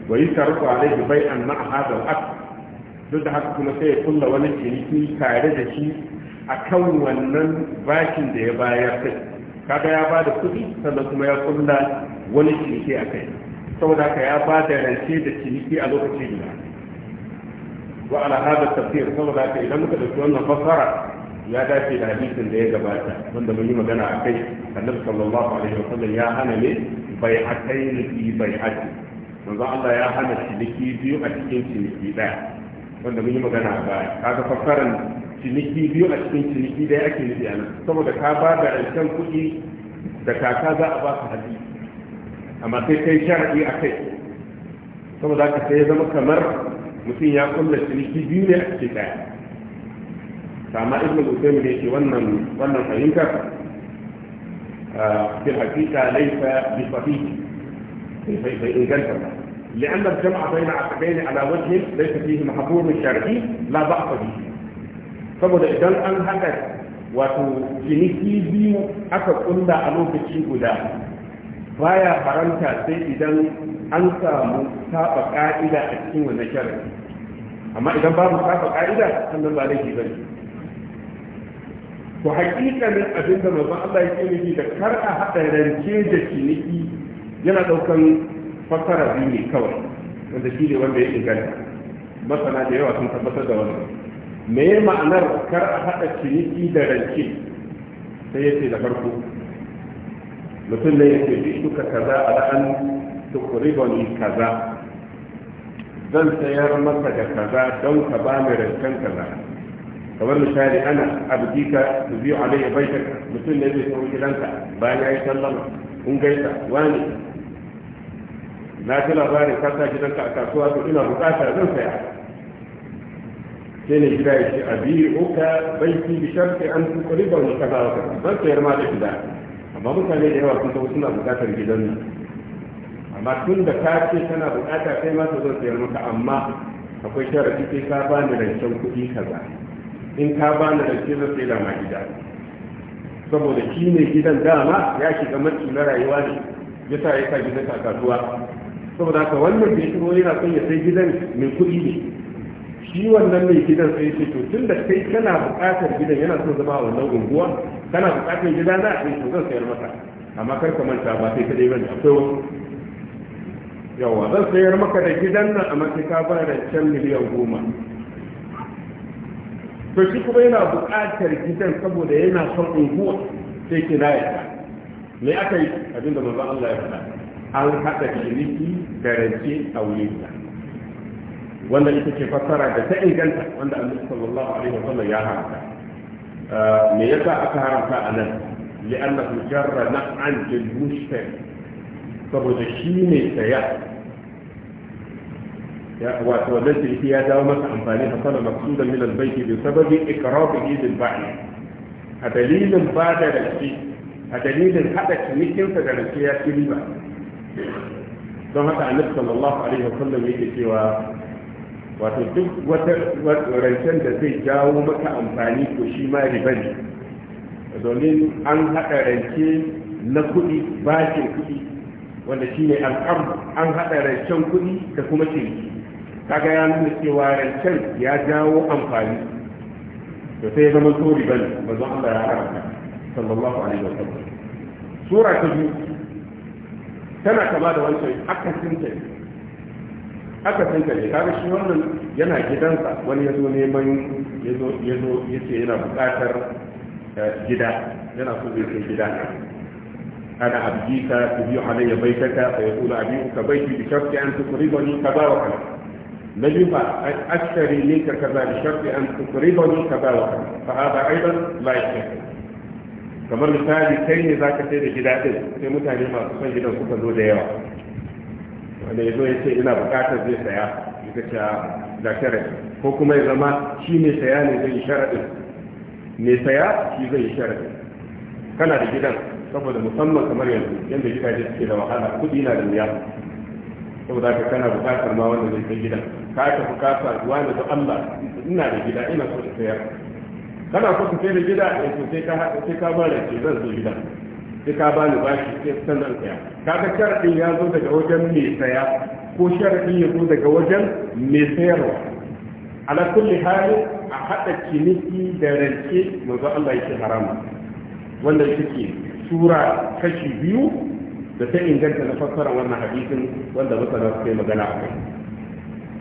wa yi a laifin bai an a da duk da haka kuma sai ya kulla wani ciniki tare da shi a kan wannan bakin da ya bayar kai kaga ya ba da kuɗi sannan kuma ya kulla wani ciniki a kai saboda ka ya ba da rance da ciniki a lokacin guda wa ala hada tafsir saboda ka idan muka dauki wannan fassara ya dace da hadisin da ya gabata wanda mun yi magana a kai annabi sallallahu alaihi wasallam ya hana ne bai'atayn fi bai'ati manzo Allah ya hana ciniki biyu a cikin ciniki daya wanda mun yi magana a baya kaga fassaran ciniki biyu a cikin ciniki daya ake nufi a saboda ka ba da rancen kuɗi da kaka za a ba amma sai shar'i a kai saboda sai ya zama kamar mutum ya kulla ciniki biyu ne a cikin daya sama ibn al-usaimi ne ke wannan wannan fahimtar ah, bil hakika laysa bi sahih bai inganta ba لأن الجمع بين عقدين على وجه ليس فيه محظور شرعي لا بأس به saboda idan an haɗa wato ciniki biyu aka kunda a lokaci guda baya faranta sai idan an samu saba ka'ida a cikin wannan sharri amma idan babu saba ka'ida sannan ba laifi bane to hakikanin abin da manzon Allah ya ce miki da kar a hada rance da ciniki yana daukan fasara biyu ne kawai wanda shi ne wanda ya inganta masana da yawa sun tabbatar da wannan me ma'anar kar a hada ciniki da rance sai ya ce da farko mutum ne ya ce bi duka kaza ala an tuqribani kaza zan sayar masa da kaza don ka ba ni rancen kaza kamar misali ana abdika tu biyu alayya baitaka mutum ne zai sauri gidanka bayan ya yi sallama in gaisa wani na ji labarin kasa gidanka a kasuwa to ina bukata zan saya sai ne gida ya ce a biyu uka baiti bi sharti an tuqribani kaza wa kaza zan sayar ma da gida amma mutane da yawa sun suna bukatar gidan nan amma tun da ka ce tana bukata kai ma ta zan sayar maka amma akwai sharadi sai ka ba ni rancen kuɗi kaza in ka ba ni rancen zai sayar ma gida saboda shi ne gidan dama ya shiga matsi na rayuwa ne ya sa ya sa gidan ta kasuwa saboda haka wannan bai shigo yana son ya sai gidan mai kuɗi ne shi wannan mai gidan sai ce to tun da kai kana buƙatar gidan yana son zama a wannan unguwa kana buƙatar gida na a eh, cikin zan sayar maka amma kar ka manta ba sai ka dai bane akwai wani. yawa zan sayar maka da gidan nan a matuka ba da can miliyan goma to shi kuma yana buƙatar gidan saboda yana son unguwa sai kina ya me aka yi abinda manzon Allah ya faɗa an haɗa ciniki da rance a wurin wanda ita ce fassara da ta inganta wanda annabi sallallahu alaihi wasallam ya haramta uh, me yasa aka haramta anan li'annahu jarra na'an lil mushtari saboda shi ne tsaya ya wato wannan jirgi ya dawo masa amfani a sana maksudan min albayti bi sababi ikrafihi bil ba. a dalilin ba da rake a dalilin haɗa cinikinsa da rake ya ci riba don haka annabi sallallahu alaihi wasallam yake cewa wato duk wata rancen da zai jawo maka amfani ko shi ma riba ne domin an haɗa rance na kuɗi bashin kuɗi wanda shi ne alƙarbu an haɗa rancen kuɗi da kuma ce kaga ya nuna cewa rancen ya jawo amfani da sai zama so ba ne manzon Allah ya haramta sallallahu alaihi wa sallam sura ta biyu tana kama da wancan akasinta ne. Akasinta ta ne kaga shi wannan yana gidansa wani ya zo neman ya zo ya ce yana buƙatar eh, gida yana so zai kai gida أنا أبجيك تبيع علي بيتك فيقول أبيعك بيتي بشرط أن تقرضني كذا وكذا لم أشتري منك كذا بشرط أن تقرضني كذا وكذا فهذا أيضا لا يحتاج كما مثال كين ذاك سيد جلاته في متعلمة تصنع جدا سوف نوديها وأنا يدوي شيء أنا بكاتة زي سياء يكتشى ذاكرة حكومة زما شيء نسياني زي شرط نسياء شيء زي شرط كان هذا saboda musamman kamar yanzu yadda gidaje suke da wahala kuɗi na da wuya saboda ka kana bukatar ma wanda zai kai gidan ka ta bukata wani da Allah ina da gida ina so in sayar kana so ka sayar da gida eh to sai ka sai ka bare ce zan zo gidan sai ka bani bashi sai sannan saya kaga sharadin ya zo daga wajen me saya ko sharadin ya zo daga wajen me sayarwa ala kulli hali a hada ciniki da rance manzo Allah yake harama wanda yake سورة حشي بيو بسيء إن كانت نفكر وانا حديث وانا مثلا في مجال عمي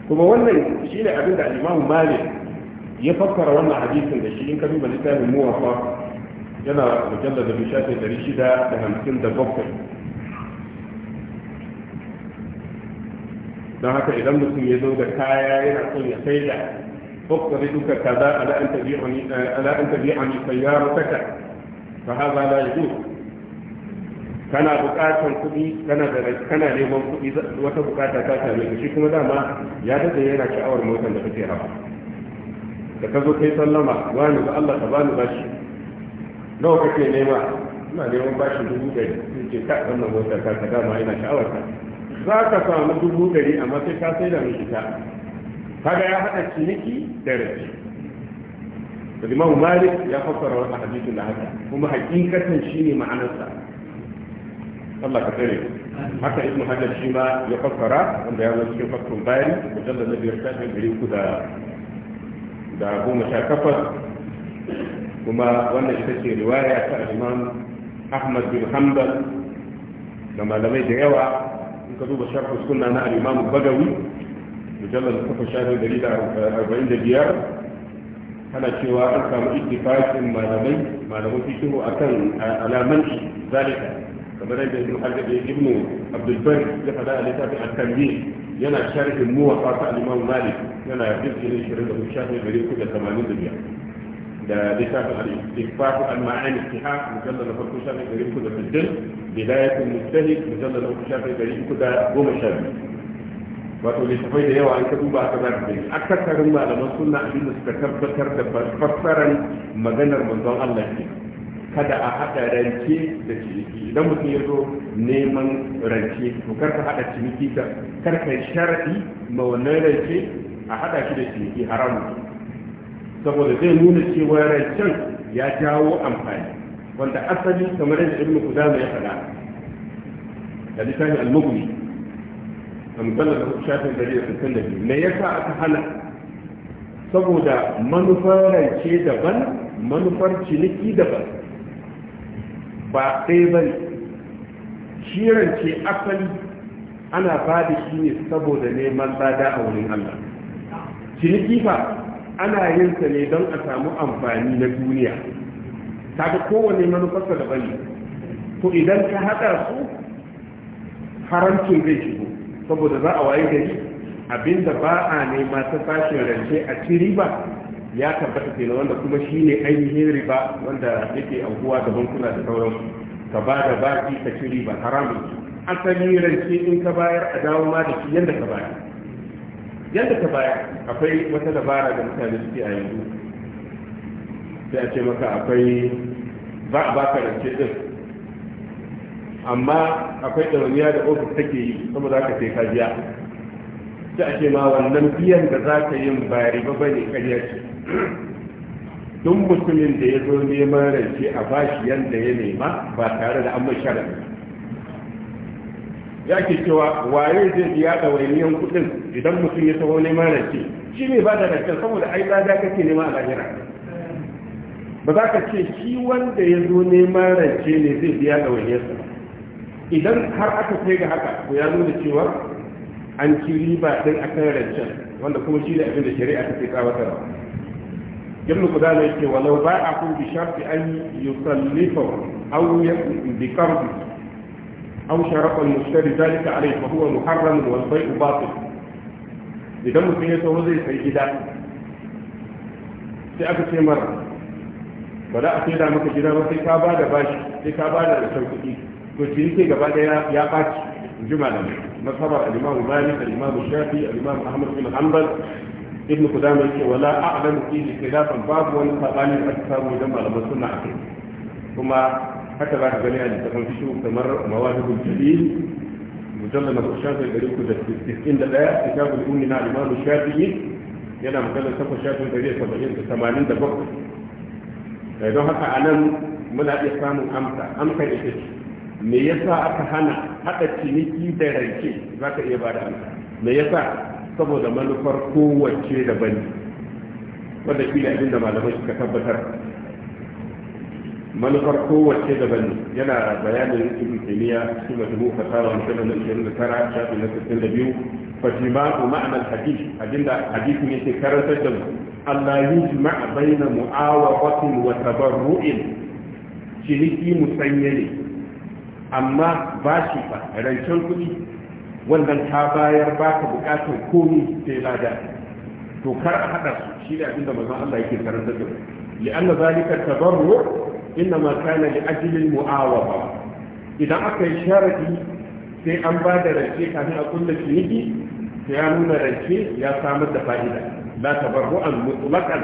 كما وانا شيني عبد الإمام مالك يفكر وانا حديث ده شيني كانوا بلسان موافا جنا مجلد المشاهد دريشي ده لهمسين ده بفر don haka idan mutum ya zo da kaya yana so ya sai da fokkari duka kaza ala an tabi'ani ala an tabi'ani sayyaratuka fa hadha la yajuz kana buƙatar kuɗi kana da kana neman kuɗi wata buƙata ta same ka shi kuma dama ya dade yana sha'awar motar da kake hawa da ka zo kai sallama wani ga Allah ta bani bashi nawa kake nema ina neman bashi dubu ɗari sai ce ka wannan motar ka ka dama yana sha'awar ta. za ka samu dubu ɗari amma sai ka sai da mishi ta kaga ya haɗa ciniki da rashi الإمام مالك يفسر هذا الحديث لهذا هم حقيقة شيء ma'anarsa. Allah ka tsare haka ibn hajar shi ma ya fassara wanda ya zo cikin fakkun bayani mujallal na biyar shafin gari uku da da goma sha takwas kuma wannan ita ce riwaya ta imam ahmad bin hanbal da malamai da yawa in ka duba sharhu sunna na al-imam bagawi mujallal kafa shafin gari da arba'in da biyar ana cewa an samu ittifaqin malamai malamai fi fikihu akan alaman zalika فبدأ ابن حجر ابن عبد البر جفا ده لتابع التنبيه ينا شارك المو وقاطع الإمام مالك ينا يجب إلي شريط أبو الشافعي بريد كل ثمانين دنيا ده لتابع الإكفاق المعاني اتحاق مجلد أبو الشافعي بريد كل في الجل بداية المجتهد مجلد أبو الشافعي بريد كل قوم الشافعي wato littafai da yawa an ka duba aka zaɓi da aka tattarin malaman suna abin da suka tabbatar da fassarar maganar manzon Allah ke kada a haɗa rance da ciniki idan mutum ya zo neman rance to karka haɗa ciniki da karka sharaɗi ma wannan rance a haɗa shi da ciniki haramu saboda zai nuna cewa rancen ya jawo amfani wanda asali kamar yadda ibnu kudama ya faɗa da littafin al-mughni a musallar da shafin dari da sittin biyu me yasa aka hana saboda manufar rance daban manufar ciniki daban ba ɗaya ba ne shi rance asali ana ba shi ne saboda neman tsada a wurin Allah ciniki fa ana yin sa ne don a samu amfani na duniya Ta ga kowane manufarsa da bane to idan ka haɗa su haramcin zai shigo saboda za a waye gari abinda ba a nema ta fashin rance a ciri riba ya tabbata kenan wanda kuma shine ainihin riba wanda yake aukuwa da bankuna da sauransu ka ba da baki ka ci riba haramun asali rance in ka bayar a dawo ma da shi yadda ka bayar yadda ka bayar akwai wata dabara da mutane suke a yanzu sai a ce maka akwai ba a baka rance din amma akwai ɗawainiya da ofis take yi saboda haka sai ka biya sai a ce ma wannan biyan da za ka yin ba riba ba ne ƙarya ce duk musulmin da ya zo neman rance a bashi yadda ya nema ba tare da an mai sharadi ya ke cewa waye zai biya da ɗawainiyan kuɗin idan mutum ya taho neman rance shi ne ba da rancen saboda ai lada kake nema a lahira ba za ka ce shi wanda ya zo neman rance ne zai biya da ɗawainiyarsa idan har aka kai ga haka ko ya nuna cewa an ci riba ɗin akan rancen wanda kuma shi ne abin da shari'a ta ke tsawatarwa ibn qudama yake walau ba'ahu bi sharti an yusallifahu aw yakun bi qardi aw sharafa al-mushtari dhalika alayhi fa huwa muharram wal bay'u batil idan mutum ya tsoro zai sai gida sai aka ce mara ba za a sai da maka gida ba sai ka ba da bashi sai ka ba da rashin kuɗi to shi ke gaba ɗaya ya ɓaci juma da masabar al-imamu malik al-imamu shafi al-imamu ahmad bin hanbal ibn kudama yake wala a'lamu fihi khilafan babu wani sabani da aka samu wajen malaman sunna akai kuma haka za ka gani a littafin fishu kamar mawahibul jalil mujallal na shafi ɗari uku da tisɗin da ɗaya kitabul ummi na imamu shafi'i yana mujallar takwas shafin ɗari da saba'in da tamanin da bakwai eh, don haka a nan muna iya samun amsa amsa ita ce me yasa aka hana haɗa ciniki da rance za ka iya ba da amsa me yasa saboda manufar kowace daban wanda shi ne abin da malamai suka tabbatar manufar kowace daban yana bayanin ibn taymiya shi majmu fatawa mutum na 29 shafi na 62 fajima'u ma'anar hadith abinda hadith ne ke karantar da mu Allah yujma'a baina mu'awafatin wa tabarru'in ciniki musanye ne amma ba shi ba, rancen kuɗi wannan ta bayar ba ka bukatar komi sai lada to kar a hada su shi da abinda manzon Allah yake karantar da li'anna zalika tabarru inna ma kana li ajli mu'awaba idan aka yi sharadi sai an ba da rance kafin a kulla ciniki sai ya nuna rance ya samar da fa'ida la tabarru'an mutlaqan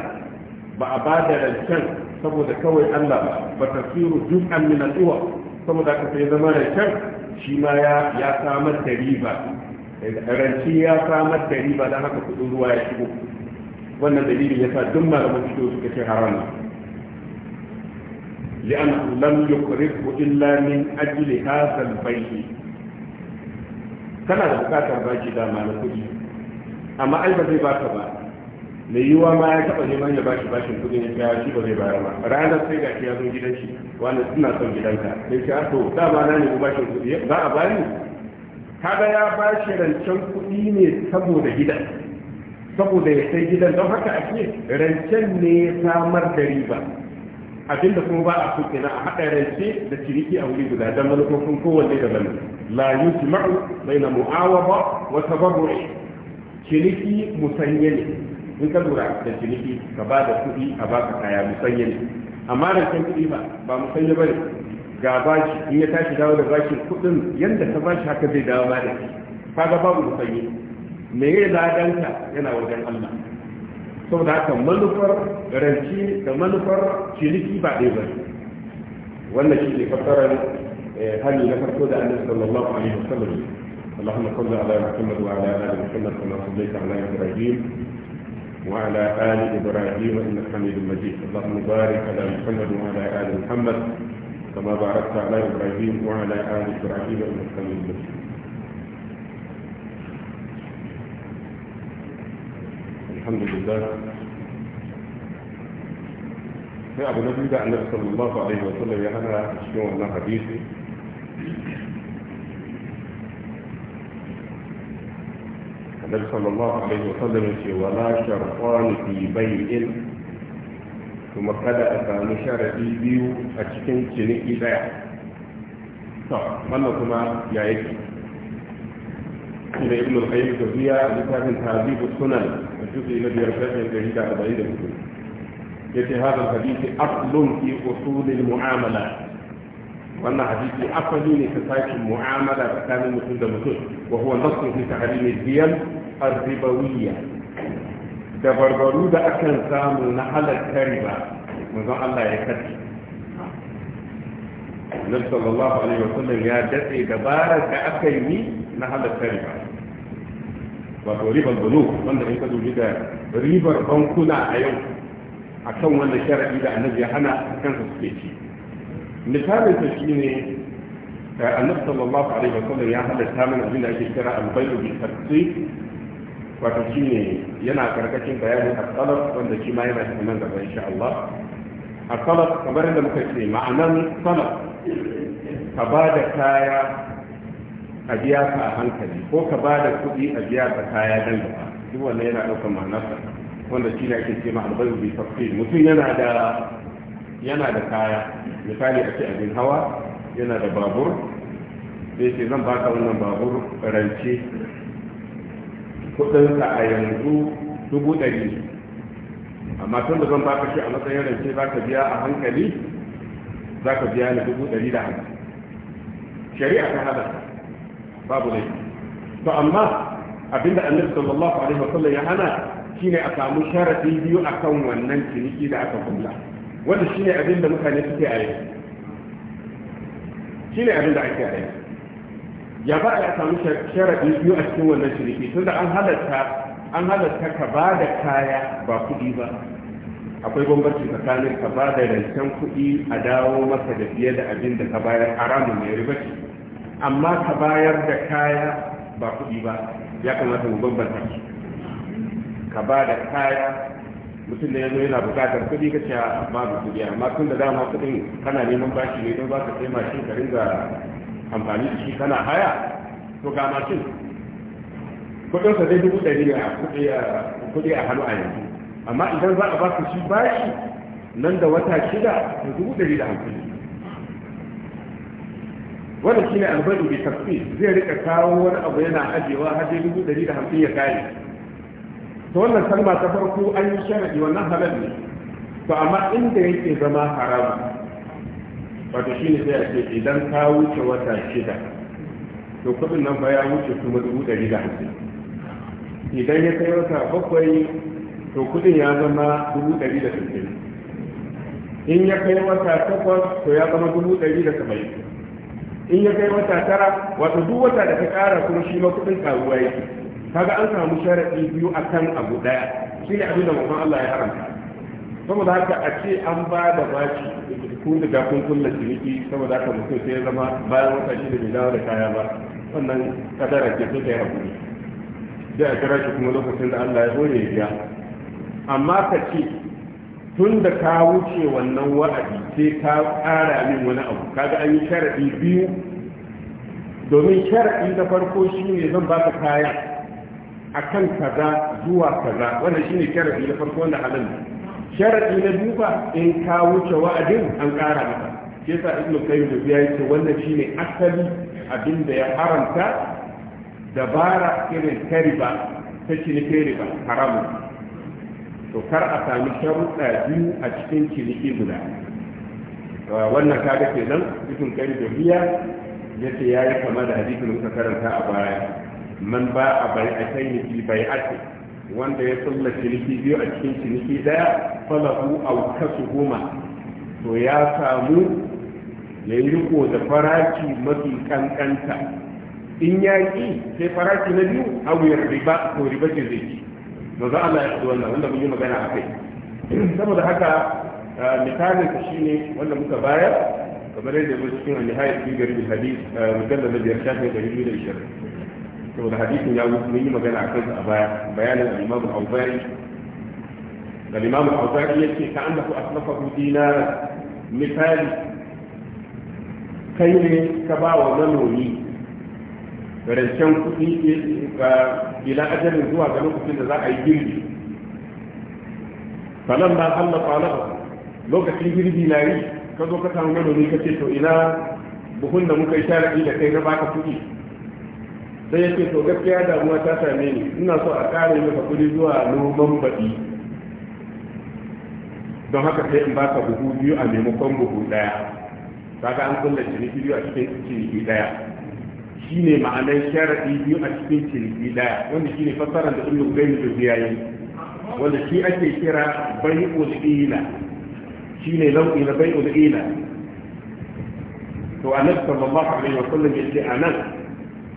ba a ba da rancen saboda kawai Allah ba ba tasiru juz'an min al saboda ka sai zama rancen shi ma ya samar da riba ranci ya samar da riba don haka kudin ruwa ya shigo wannan dalilin ya sa duk malaman fito suka ce haram لأنه لم يقرضه إلا من أجل هذا البيع kana da bukatar baki dama na amma ai ba zai baka ba mai yiwuwa ma ya taɓa neman ya bashi bashin kudin ya fiya shi ba zai bayar ba ranar sai gashi ya zo gidan shi wanda suna son gidanka sai shi ah, to dama na nemi bashin kudi ba a bani kaga ya bashi rancen kudi ne saboda gidan saboda ya sai gidan don haka a ake rancen ne ya samar da riba abinda kuma ba a so kenan a haɗa rance da ciniki a wuri guda don manufofin kowanne da bane la yusma'u bayna mu'awaba wa tabarru'i ciniki musanye ne in ka lura da ciniki ka ba da kuɗi a ka kaya musayya ne amma da can kuɗi ba ba musayya ba ne ga bashi in ya tashi dawo da bashi kuɗin yadda ka bashi haka zai dawo ba da shi kaga babu musayya me ya ladanka yana wajen Allah saboda haka manufar garanci da manufar ciniki ba ɗaya ba wannan shi ne fassarar eh, hali na farko da annabi sallallahu alaihi wasallam اللهم صل على محمد وعلى ال محمد كما صليت على ابراهيم وعلى آل إبراهيم إنك حميد مجيد اللهم بارك على محمد وعلى آل محمد كما باركت على إبراهيم وعلى آل إبراهيم إنك حميد مجيد الحمد لله في أبو نبي ده النبي صلى الله عليه وسلم يعنى الشيوع الله حديثي النبي صلى الله عليه وسلم ولا kuma kada بيع samu قد biyu a cikin ciniki daya. to wannan kuma ya yake ina ibn al-qayyim tafiya a littafin tazibu sunan da juzu na biyar shafin da arba'in da hudu ya hadal hadisi aslun fi usulil mu'amala wannan hadisi asali ne ta sake mu'amala tsakanin mutum da mutum wa huwa nasu fi tahrimin biyan arzibawiyya da barbaru da akan samu na halatta riba manzon Allah ya kace Nabi sallallahu alaihi wasallam ya datse dabarar da aka yi na halatta riba wato ribar bunu wanda in ka dubi da ribar bankuna a yau akan wannan sharadi da annabi ya hana kansa suke ci misalin ta shi ne eh, annabi sallallahu alaihi wa sallam ya halatta mana abin da ake kira albayu bi tartib wato shi ne yana karkashin bayanin asalaf wanda shi ma yana cikin nan gaba insha Allah asalaf kamar yadda muka ce ma'anan salaf ka ba da kaya a biya ka a hankali ko ka ba da kuɗi a biya ka kaya dan gaba duk wannan yana ɗaukar ma'anar ma'anarsa wanda shi ne ake ce ma albayu bi tartib mutum yana da yana da kaya misali a ce abin hawa yana da babur sai ce zan baka wannan babur rance kudinsa a yanzu dubu ɗari amma tun da zan baka shi a matsayin rance za ka biya a hankali za ka biya na dubu ɗari da hankali. shari'a ta hada babu laifi to amma abinda annabi sallallahu alaihi wasallam ya hana shine a samu sharadi biyu akan wannan ciniki da aka kulla wanda shine abin da mutane suke a shi shine abin da ake a yi ya ba a samu sharaɗi biyu a cikin wannan shiriki tun da an halatta ka ba da kaya ba kuɗi ba akwai bambanci tsakanin ka ba da rancen kuɗi a dawo masa da fiye da abin da ka bayar haramun mai riba ce amma ka bayar da kaya ba kuɗi ba ya kamata mu bambanta ka ba da kaya mutum da ya zo yana bukatar kuɗi ka ce amma ba kuɗi amma tun da dama kuɗin kana neman bashi ne don ba ka sai mashin ka ringa amfani da shi kana haya to ga mashin kuɗin sa dai dubu ɗari ne a kuɗi a hannu a yanzu amma idan za a ba ku shi bashi nan da wata shida da dubu ɗari da hamsin wannan shine albadu bai tafi zai rika kawo wani abu yana ajiyewa har dai dubu ɗari da hamsin ya kare to wannan kalma ta farko an yi sharadi wannan halal ne to amma inda yake zama haramu wato shi ne sai a ce idan ka wuce wata shida to kudin nan ba ya wuce kuma dubu ɗari da hamsin idan ya kai wata bakwai to kudin ya zama dubu ɗari da sittin in ya kai wata takwas to ya zama dubu ɗari da saba'in in ya kai wata tara wato duk wata da ta ƙara kuma shi ma kudin karuwa yake kaga an samu sharadi biyu akan abu daya ne abin da manzon Allah ya haramta saboda haka a ce an ba da bashi kun da kun kulla ciniki saboda haka mutum sai ya zama bayan wata shi da bai dawo da kaya ba wannan kadara ke sun ta yi da a kira shi kuma lokacin da Allah ya hore ya amma ka ce tun da ka wuce wannan wa'adi sai ka ƙara min wani abu kaga an yi sharadi biyu domin sharadi na farko shi ne zan baka kaya akan kaza zuwa kaza wannan shine sharadi na farko wanda halal sharadi na duba in ka wuce wa'adin an kara maka shi yasa ibn qayyim da biya ce wannan shine asali abinda ya haramta dabara irin kariba ta cinike riba haramun to kar a sami sharuɗa biyu a cikin ciniki guda wannan kaga kenan ibn qayyim da ya ce yayi kama da hadisin da muka karanta a baya man ba a bai a kai fi bai ake wanda ya kulla ciniki biyu a cikin ciniki daya falahu au goma, to ya samu ya yi riko da faraci mafi kankanta in ya ki sai faraci na biyu au ya riba ko riba ce zai ci ba za Allah ya wannan wanda mun yi magana a kai saboda haka misalin ka shi ne, wanda muka bayar kamar yadda ya zo cikin al-nihayat fi garbi hadith mujallal da biyar shafi 220 وده حديث يوم مني ما جاءنا عكس بيان الإمام الأوزاري الإمام الأوزاري يكي كأنه أصنفه دينا مثال كيف كبا ونمني فرنشان كتي إلى أجل هو جنوك في نزاع يجري فلما حل طالبه لو كتير جري ديناري كذو كتان ونمني كتير إلى بخلنا مكيشارك إلى كي رباك كتير sai ya ce to gaskiya damuwa ta same ni ina so a kare maka kudi zuwa noman baɗi don haka sai in baka buhu biyu a maimakon buhu ɗaya kaga an kulla ciniki biyu a cikin ciniki ɗaya ne ma'anar sharaɗi biyu a cikin ciniki ɗaya wanda ne fassarar da ibnu qayyim da yi wanda shi ake kira ulina shi ne nau'i na bai ulina to annabi sallallahu alaihi wa sallam yace anan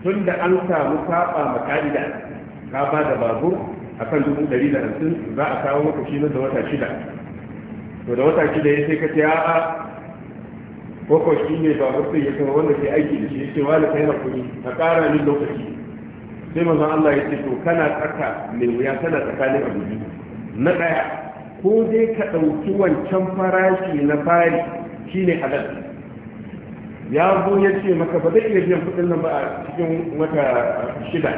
tun da an samu saba ma ka'ida ka ba da babur a kan dubu ɗari da hamsin za a kawo maka shi da wata shida to da wata shida ya sai ka ce a'a koko shi ne babur ɗin ya kama wanda ke aiki da shi ya ce wani kai hakuri ka ƙara min lokaci sai mazan Allah ya ce to kana tsaka mai wuya kana tsakanin abu biyu na ɗaya ko dai ka ɗauki wancan farashi na fari shine halal ya zo ya ce maka ba zai iya biyan kuɗin nan ba a cikin wata shida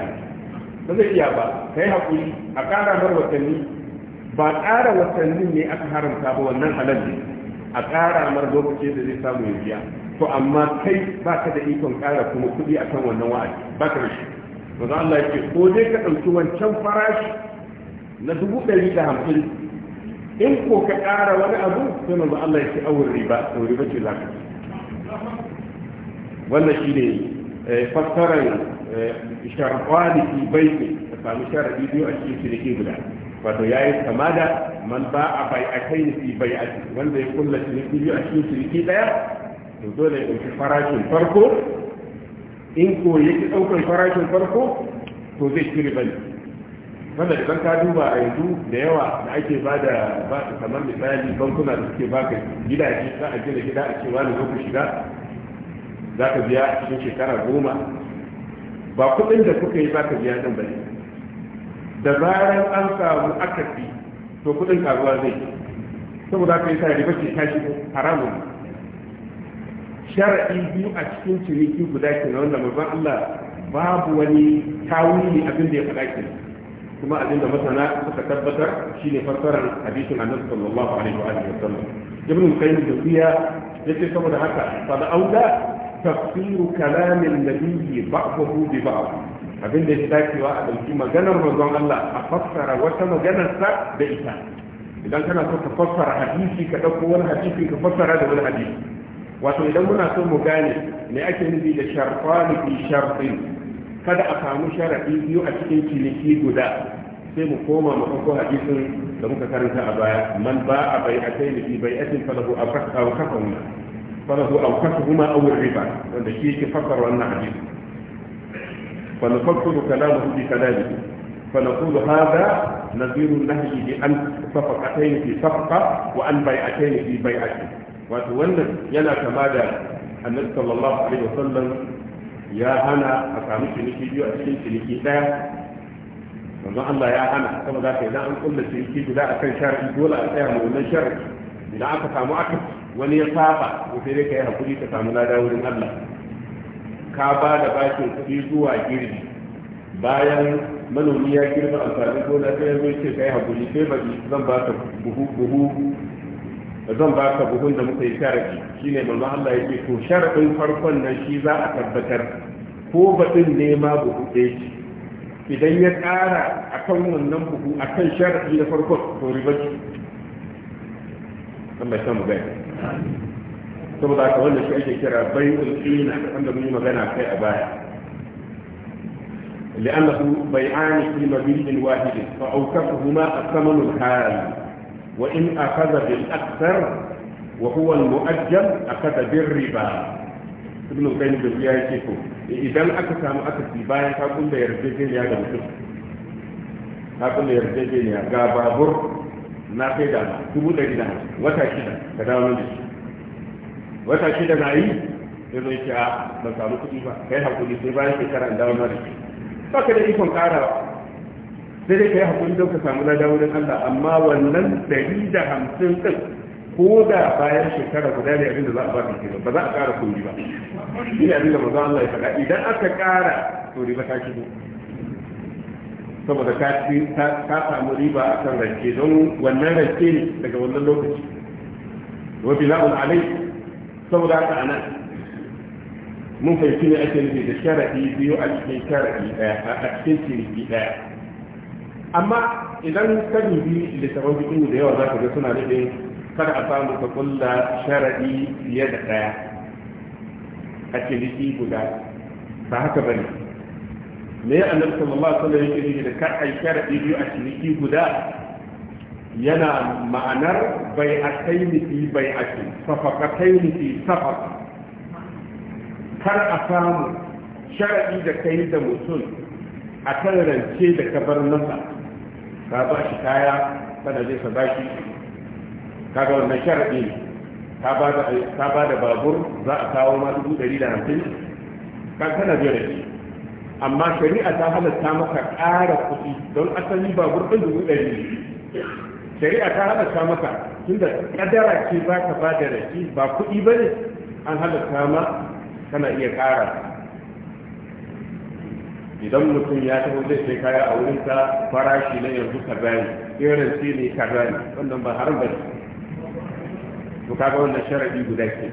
ba zai iya ba ka yi haƙuri a ƙara mar watanni ba ƙara watannin ne aka haramta ba wannan halal a ƙara mar lokaci da zai samu ya biya to amma kai ba ka da ikon ƙara kuma kuɗi akan wannan wa'adi ba ka da shi Allah ya ce ko dai ka ɗauki wancan farashi na dubu ɗari da hamsin in ko ka ƙara wani abu sai manzo Allah ya ce awon riba to riba ce za ka ci wannan shi ne eh, fassarar eh, sharfani fi baiki sami biyu a cikin ciniki guda wato ya yi kama da man ba a bai a kai fi bai a wanda ya kulla ciniki biyu a cikin ciniki daya to dole ya ɗauki farashin farko in ko yake ɗaukar farashin farko to zai shiri ne. wanda idan ka duba a yanzu da yawa da ake ba da kamar misali bankuna da suke baka gidaje za a gina gida a cewa da zo ku shiga za ka biya a cikin shekara goma ba kuɗin da kuka yi za ka biya ɗin ba da zarar an samu akasi to kuɗin karuwa zai saboda ka yi sa riba ce tashi haramun shara'i biyu a cikin ciniki guda ke na wanda mazan Allah babu wani tawuni abin da ya faɗa ke kuma abin da masana suka tabbatar shine fassarar hadisin annabi sallallahu alaihi wa sallam ibn qayyim da ya ce saboda haka fa da auda تفسير كلام النبي بعضه ببعض abin da ya dacewa a ɗauki maganar manzon Allah a fassara wata maganarsa da ita idan kana so ka fassara hadisi ka ɗauko wani hadisi ka fassara da wani hadisi wato idan muna so mu gane me ake nufi da sharfani fi sharfin kada a samu sharadi biyu a cikin ciniki guda sai mu koma mu ɗauko hadisin da muka karanta a baya man ba a bai a kai da bi bai asin falahu a kafa falahu awqatuhuma aw ar-riba wanda shi yake fassara wannan hadisi fa nafakkaru kalamuhu bi kalamihi fa naqulu hadha nadhiru nahyi bi an safaqatayn fi safqa wa an bai'atayn fi bai'atin wato wannan yana kama da annabi sallallahu alaihi wasallam ya hana a samu ciniki biyu a cikin ciniki daya manzon Allah ya hana saboda haka idan an kulla ciniki guda akan shar'i dole a tsaya mu wannan idan aka samu aka wani ya saba ko sai dai kai hakuri ka samu lada wurin Allah ka ba da bashin kuɗi zuwa girbi bayan manomi ya girba amfanin gona sai ya zo ce kai hakuri sai ba zan ba ka buhu buhu zan ba ka buhun da muka yi sharadi shine manzo Allah yake to sharadin farkon nan shi za a tabbatar ko baɗin ne ma buhu ɗaya idan ya ƙara akan wannan buhu akan sharadi na farkon to riba Allah mu gani saboda shi ake kira qina wanda mun magana kai a baya لأنه بيعان في مبيع واحد فأوكفهما الثمن الحال وإن أخذ بالأكثر وهو المؤجل أخذ بالربا ابن القيم بالريا يشيكو إذا أكثر ما أكثر في بايع فأقول له يرجعين يا جمسوس أقول له يرجعين يا جابابر na kai da ma dubu da gida wata shida ka dawo min da shi wata shida na yi sai zai ce a ban samu kuɗi ba kai hakuri sai bayan shekara in dawo min da shi ba ka da ikon ƙarawa sai dai ka yi hakuri don ka samu dawo don Allah amma wannan ɗari da hamsin ɗin ko da bayan shekara guda ne abin da za a ba ka kenan ba za a ƙara kuɗi ba shi ne abin da manzo Allah ya faɗa idan aka ƙara to riba ta shigo saboda ka samu riba a kan rance don wannan rance ne daga wannan lokaci wa bila'un alai saboda haka ana mun fahimci ne ake nufi da sharaɗi biyu a cikin sharaɗi ɗaya a cikin ciniki ɗaya amma idan ka dubi littafan bikin da yawa za ka ga suna nufin kada a samu ka kulla sharaɗi fiye da ɗaya a ciniki guda ba haka ne. me annabi sallallahu alaihi wasallam yake da kar ai sharadi biyu a ciniki guda yana ma'anar bai a kai bai a ce safaka kai nufi safaka kar a samu sharadi da kai da mutum a kan rance da ka bar masa ka ba shi kaya ka zai je baki ka ga wannan sharaɗi ne ka ba da babur za a kawo ma dubu ɗari da hamsin ka kana biyar amma shari'a ta halatta maka ƙara kuɗi don asali ba gurbin dubu ɗari ne shari'a ta halatta maka tunda kadara ce za ka ba da rake ba kuɗi ba ne an halatta ma kana iya ƙara idan mutum ya taɓa zai sai kaya a wurin ta farashi na yanzu ka gani irin sai ne ka gani wannan ba har ba ne to kaga wannan sharadi guda ke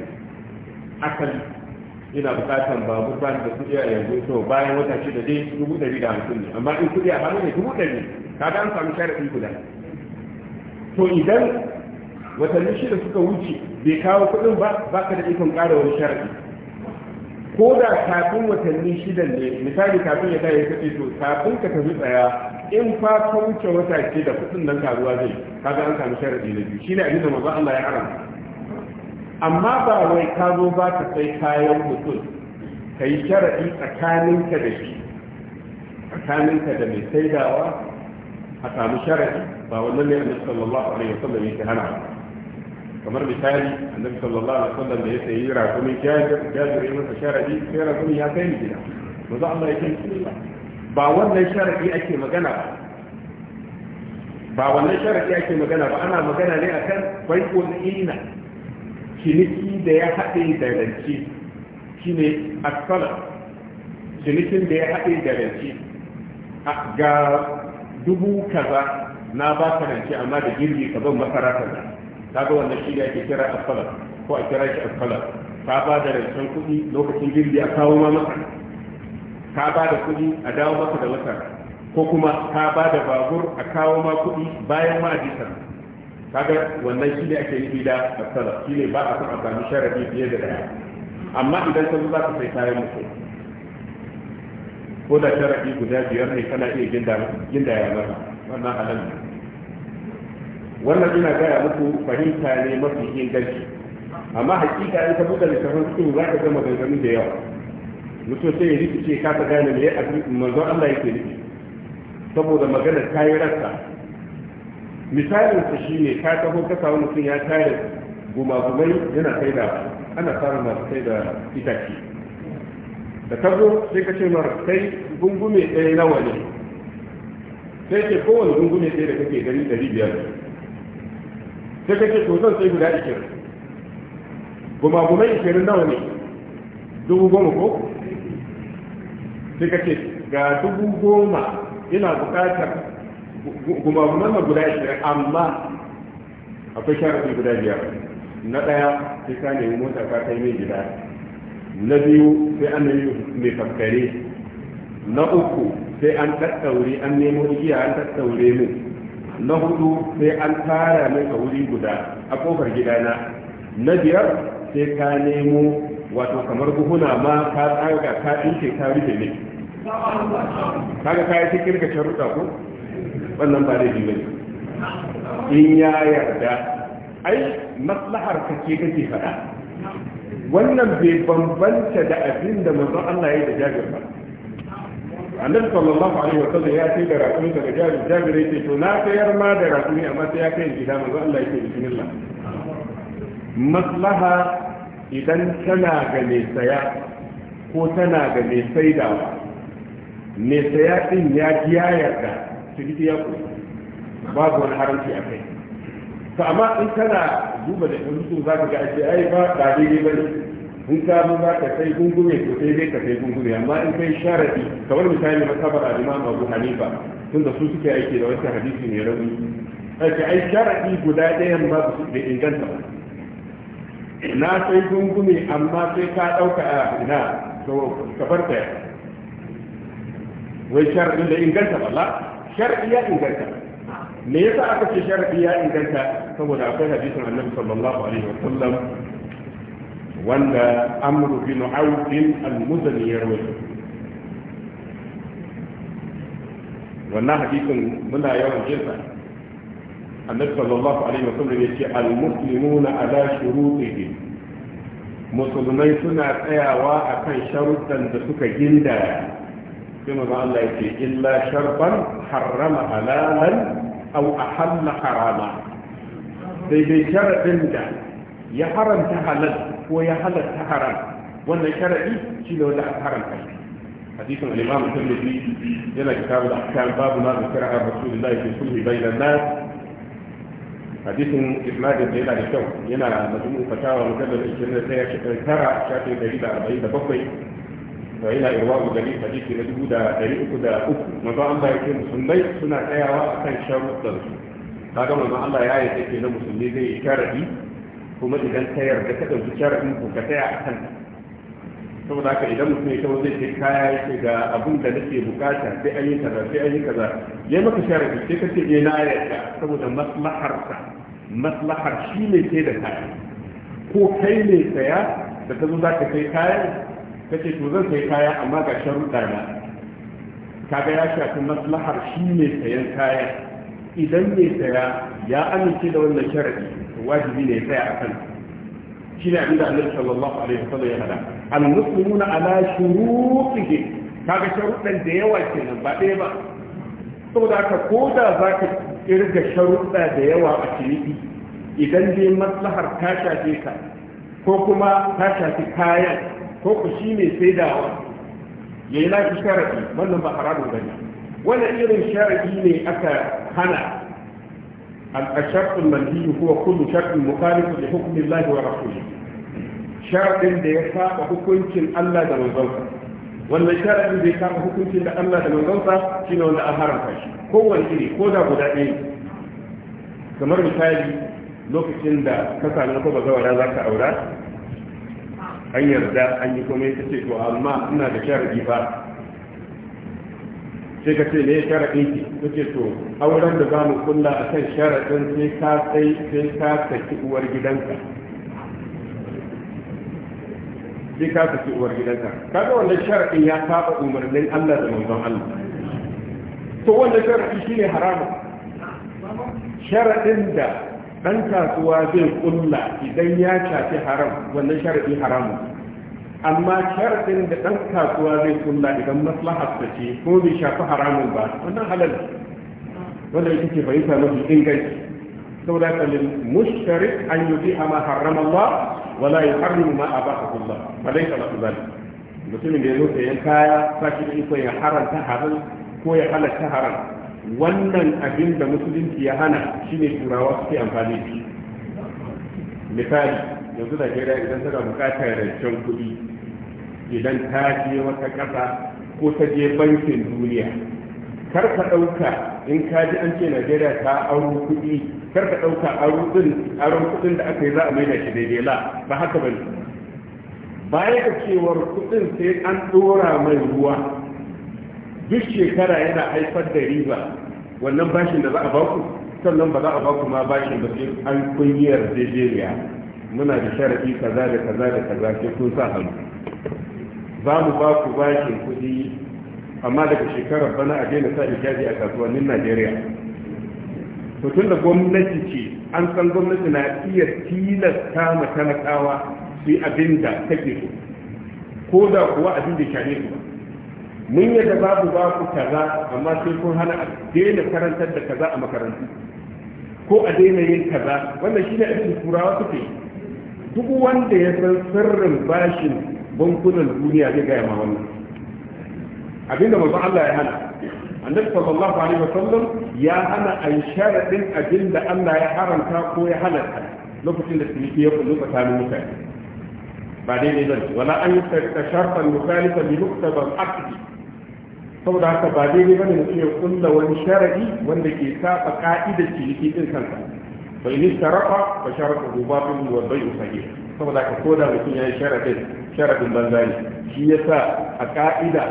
asali ina bukatan babur ba da kudi a yanzu to bayan wata shida dai dubu ɗari da hamsin ne amma in kudi a hannu ne dubu ɗari kaga an samu sharaɗi guda to idan watanni shida suka wuce bai kawo kuɗin ba ba ka da ikon ƙara wani sharaɗi ko da kafin watanni shidan ne misali kafin ya ya kace to kafin ka tafi tsaya in fa ka wuce wata shida kuɗin nan karuwa zai kaga an samu sharaɗi na biyu shine abin da manzo Allah ya haramta amma ba wai ka zo ba ka sai kayan mutum ka yi sharaɗi tsakaninka da shi tsakaninka da mai saidawa a samu sharaɗi ba wannan ne annabi sallallahu alaihi wasallam yake hana ba kamar misali annabi sallallahu alaihi wasallam da ya sayi rakumin jajir jajir ya masa sharaɗi sai rakumin ya kai ni gida manzo Allah ya kai ba wannan sharaɗi ake magana ba ba wannan sharaɗi ake magana ba ana magana ne akan bai'ul inna ciniki da ya haɗe da rance shine asala cinikin da ya haɗe da rance ah, ga dubu kaza na ba ka rance amma da girgi ka zan masara ta ga wannan shi da ake kira asala ko a kira shi asala ka ba da rancen kuɗi lokacin girgi a kawo ma masa ka ba da kuɗi a dawo masa da masara ko kuma ka ba da babur a kawo ma kuɗi bayan ma a kaga wannan shi ne ake yi da asala shi ne ba a san amfani sami sharadi fiye da daya amma idan sun za ka sai kayan mutu ko da sharadi guda biyar ne kana iya ginda ya masa wannan halin ne wannan ina gaya muku fahimta ne mafi inganci amma hakika in ka buga littafin cikin za ka gama maganganun da yawa Mutu sai ya rikice ka ta gane me manzon Allah yake nufi saboda maganar kayi rassa misalin shi ne ka taho ka samu mutum ya tare gumagumai yana sai da ana fara masu sai da itace da tabo sai ka ce mara sai gungume ɗaya nawa ne sai ce kowane gungume ɗaya da kake gani ɗari biyar sai ka ce to zan sai guda ikir gumagumai ikirin nawa ne dubu goma ko sai ka ce ga dubu goma ina buƙatar kuma kuma na guda ishirin amma akwai sharafi guda biyar na ɗaya sai ka nemi mota ka kai mai gida na biyu sai an nemi mai fakkare na uku sai an tattaure an nemo igiya an tattaure mu na hudu sai an tara mai ka wuri guda a kofar gidana na biyar sai ka nemo wato kamar buhuna ma ka tsaga ka ɗinke ka rufe ne kaga kayan cikin ga sharuɗa ko wannan ba laifi bane in ya yarda ai maslahar ka ce kake faɗa wannan bai bambanta da abin da manzon Allah ya yi da jabir ba annabi sallallahu alaihi wa sallam ya ce da rakumi daga jabir jabir yake to na sayar ma da rakumi amma sai ya kai gida manzon Allah ya ce bismillah maslaha idan tana ga mai saya ko tana ga mai saidawa mai saya din ya ji ya yarda gidi ya kuwa babu wani haramci a kai to amma in kana duba da mutum za ka ga ake ai ba ba daidai ba ne in ka mun za ka sai gungume ko sai dai ka sai gungume amma in kai sharadi kamar misali masabar al-imam Abu Hanifa da su suke aiki da wasu hadisi ne rauni ake ai sharadi guda ɗayan ba su da inganta ba na sai gungume amma sai ka ɗauka a ah, ina to ka farta wai sharadin da inganta ba shar'i ya inganta me yasa aka ce shar'i ya inganta saboda akwai hadisin annabi sallallahu alaihi wa sallam wanda amru bin auf al-muzani ya rawaito wannan hadisin muna yawan jinsa annabi sallallahu alaihi wa sallam yace al-muslimuna ala shurutihim musulmai suna tsayawa akan sharuɗan da suka gindaya كما قال إلا شربا حرم حلالا أو أحل حراما في بشرع يا حرم تحلل ويا حلل تحرم وأن شرعي شلو لا حلال حديث الإمام الترمذي يلا كتاب الأحكام باب ما ذكر رسول الله في صلح بين الناس حديث إسماعيل بن إلى الشوق يلا مجموع فتاوى مكلف الجنة ترى شافي جديد أربعين بقصي wa ila irwa'u dalil hadisi na dubu da dari uku da uku manzo Allah ya ke musulmai suna tsayawa a akan sharuɗan su kaga manzo Allah ya yarda ke na musulmi zai yi sharadi kuma idan ta yarda ka ɗauki sharadin ku ka tsaya akan saboda haka idan mutum ya kawo zai ce kaya ya ce ga abin da nake bukata sai an yi kaza sai an yi kaza ya yi maka sharadi sai ka ce eh, na yarda saboda maslaharsa maslahar shi ne sai da kaya ko kai ne saya da ta zo za ka kai kaya. Ka ce to zan sai kaya amma ga sharuɗa na kaga ya shafi maslahar shi ne sayan kaya idan mai saya ya amince da wannan sharaɗi wajibi ne ya tsaya a kan shi ne abinda annabi sallallahu alaihi wasallam ya hada al muslimuna ala shurutihi kaga sharuɗan da yawa kenan ba ɗaya ba saboda haka ko da za ka kirga sharuɗa da yawa a ciniki idan dai maslahar ta shafe ka ko kuma ta shafi kayan ko ku shi ne sai da ya yi nashi sharaɗi wannan ba haramun gani wani irin sharaɗi ne aka hana الشرط المنهي هو كل شرط مخالف لحكم الله ورسوله شرط da ya saba hukuncin Allah da manzonsa wannan sharadin da ya saba hukuncin da Allah da manzonsa shine wanda an haramta shi Ko kowane iri ko da guda ɗaya kamar misali lokacin da ka sami wata bazawara za ka aura an yarda an yi komai ta ce to amma ina da sharadi ba sai ka ce ne shara ki ta ce to auren da za mu kulla a kan sharadin sai ka sai sai ka saki uwar gidanka sai ka saki uwar gidanka kaga wannan sharadin ya saba umarnin Allah da manzon Allah to wannan sharadi shine haramun sharadin da dan kasuwa zai kulla idan ya shafi haram wannan sharadi haram amma sharadin da dan kasuwa zai kulla idan maslaha ta ce ko bai shafi haramun ba wannan halal wanda yake ce fahimta mafi inganci saboda haka mushtari an yi ma harrama Allah wala yuharrimu ma abaha Allah balaysa lahu zalik mutumin da ya zo sayan kaya sashi da iko ya haranta haram ko ya halatta haram wannan abin da musulunci ya hana shine turawa suke amfani da shi misali yanzu najeriya idan tana bukatar rancen kuɗi idan ta je wata ƙasa ko ta je bankin duniya kar ka ɗauka in ka ji an ce najeriya ta aro kuɗi kar ka ɗauka aron kuɗin da aka yi za a maida shi daidai la ba haka ba ne baya da cewar kuɗin sai an ɗora mai ruwa duk shekara yana haifar da riba wannan bashin da za a baku sannan ba za a baku ma bashin da sai an kunyar jejeriya muna da sharadi kaza da kaza da kaza sai kun sa hannu za mu ba ku bashin kuɗi amma daga shekarar bana a daina sa ijaji a kasuwannin najeriya hutun da gwamnati ce an san gwamnati na iya tilasta ma talakawa su yi abin da take ko da kuwa abin da shane su ba mun yadda babu babu kaza amma sai kun hana a daina karantar da kaza a makarantu ko a daina yin kaza wannan shine abin turawa suke duk wanda ya san sirrin bashin bankunan duniya zai gaya ma wannan abinda manzo Allah ya hana annabi sallallahu alaihi wasallam ya hana an sharadin abinda Allah ya haramta ko ya halatta lokacin da ciniki ya kullu tsakanin mutane ba daidai ba wala an yi misali mukhalifa bi muktabar aqdi saboda haka ba daidai bane mutum ya kulla wani sharadi wanda ke saba ka'idar ciniki din kansa bai ni sharafa ba sharafa gubatun wa bai usage saboda haka ko da mutum ya yi sharadin sharadin banza ne shi yasa a ka'ida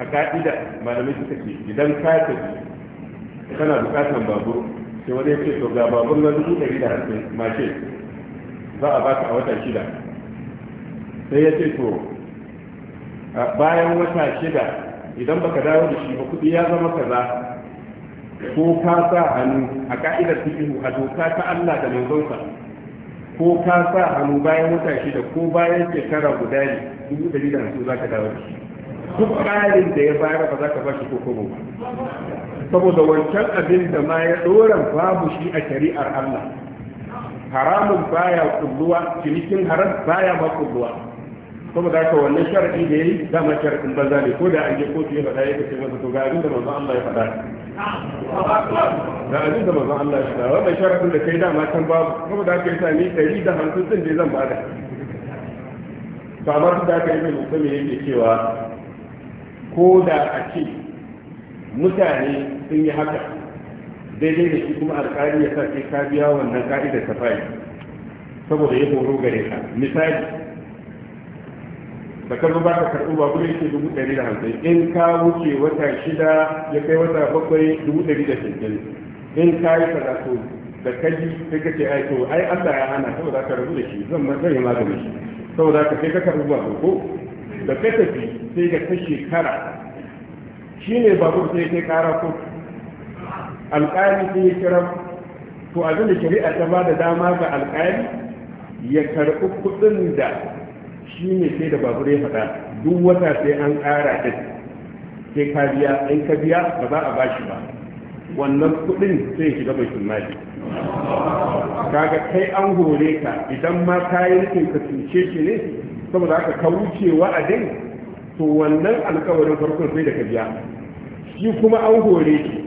a ka'ida malamai suka ce idan ka tafi kana bukatan babur sai wani ya ce to ga babur na dubu ɗari da hamsin mace za a baka a wata shida sai ya ce to bayan wata shida idan baka dawo da shi ba kuɗi ya zama kaza ko ka sa hannu a ka'idar fiqhu a doka ta Allah da manzonsa ko ka sa hannu bayan wata da ko bayan shekara guda ne dubu ɗari da hamsin za ka dawo da duk ƙarin da ya bayar ba za ka ba shi ko kobo saboda wancan abin da ma ya ɗoran babu shi a shari'ar Allah haramun baya kulluwa cinikin haram baya ma kulluwa saboda haka wannan sharadi da yayi dama sharadin banza ne ko da an je kotu ya faɗa ya kace masa to ga abin da manzo Allah ya faɗa ga abin da manzo Allah ya faɗa wannan sharadin da kai dama kan babu saboda haka yasa ni 150 din da zan bada to amma duk da mai yake mutum yake cewa ko da a ce mutane sun yi haka daidai da shi kuma alƙali ya sa sai ka biya wannan ka'idar ta fa'i saboda ya horo gare ka misali da ka ba ka karɓi ba kuma yake dubu ɗari da hamsin in ka wuce wata shida ya kai wata bakwai dubu ɗari da sittin in ka yi karatu da kaji sai ka ce ai ai Allah ya hana saboda ka rabu da shi zan ma yi magani shi saboda ka sai ka karɓi ba ko da ka tafi sai ka ta shekara shine babur sai kai kara ko alƙali sai ya kira to abin da shari'a ta ba da dama ga alƙali ya karɓi kuɗin da shi ne sai da babur ya faɗa duk wata sai an ƙara ɗin sai ka biya in ka biya ba za a ba shi ba wannan kuɗin sai shiga mai mali kaga kai an hore ka idan ma ka yi nufin ka cuce shi ne saboda haka ka wuce wa'adin to wannan alkawarin farkon sai da ka biya shi kuma an hore shi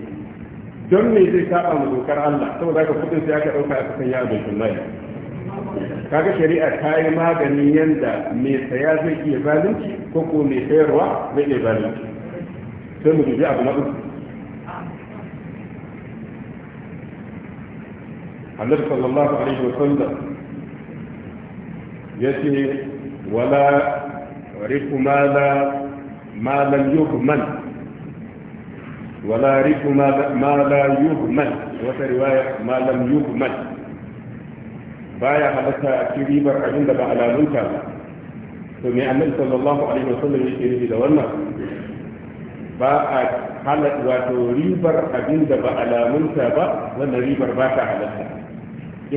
don me zai saba ma dokar Allah saboda haka kuɗin sai aka ɗauka aka sanya a mai mali kaga shari'a ta yi maganin yanda mai saya zai iya zalunci ko ko mai sayarwa zai iya zalunci sai mu dubi abu na uku Allah sallallahu alaihi wa sallam yace wala rifu mala ma lam yuhman wala rifu ma la yuhman wata riwaya ma lam yuhman baya halatta ci ribar abin da ba alamunta ba to me annabi sallallahu alaihi wasallam yake nufi da wannan ba a halatta wato ribar abin da ba alamunta ba wannan ribar ba ta halatta al-aqil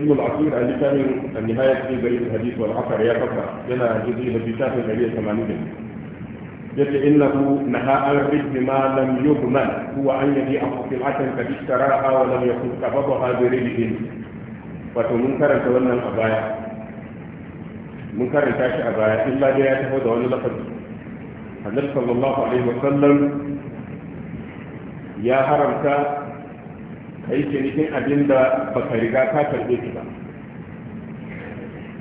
ابن العصير قال لي النهاية في بيت الحديث والعصر يا فقرة هنا da في شاف النبي ثمانية جد إنه نهى عن رد ما لم يضمن هو أن يبيع سلعة قد اشتراها ولم يكن سببها برده wato mun karanta wannan a baya mun karanta shi a baya illa dai ya taho da wani lafazi annabi sallallahu alaihi wa sallam ya haramta kai cinikin abin da baka riga ka karbe shi ba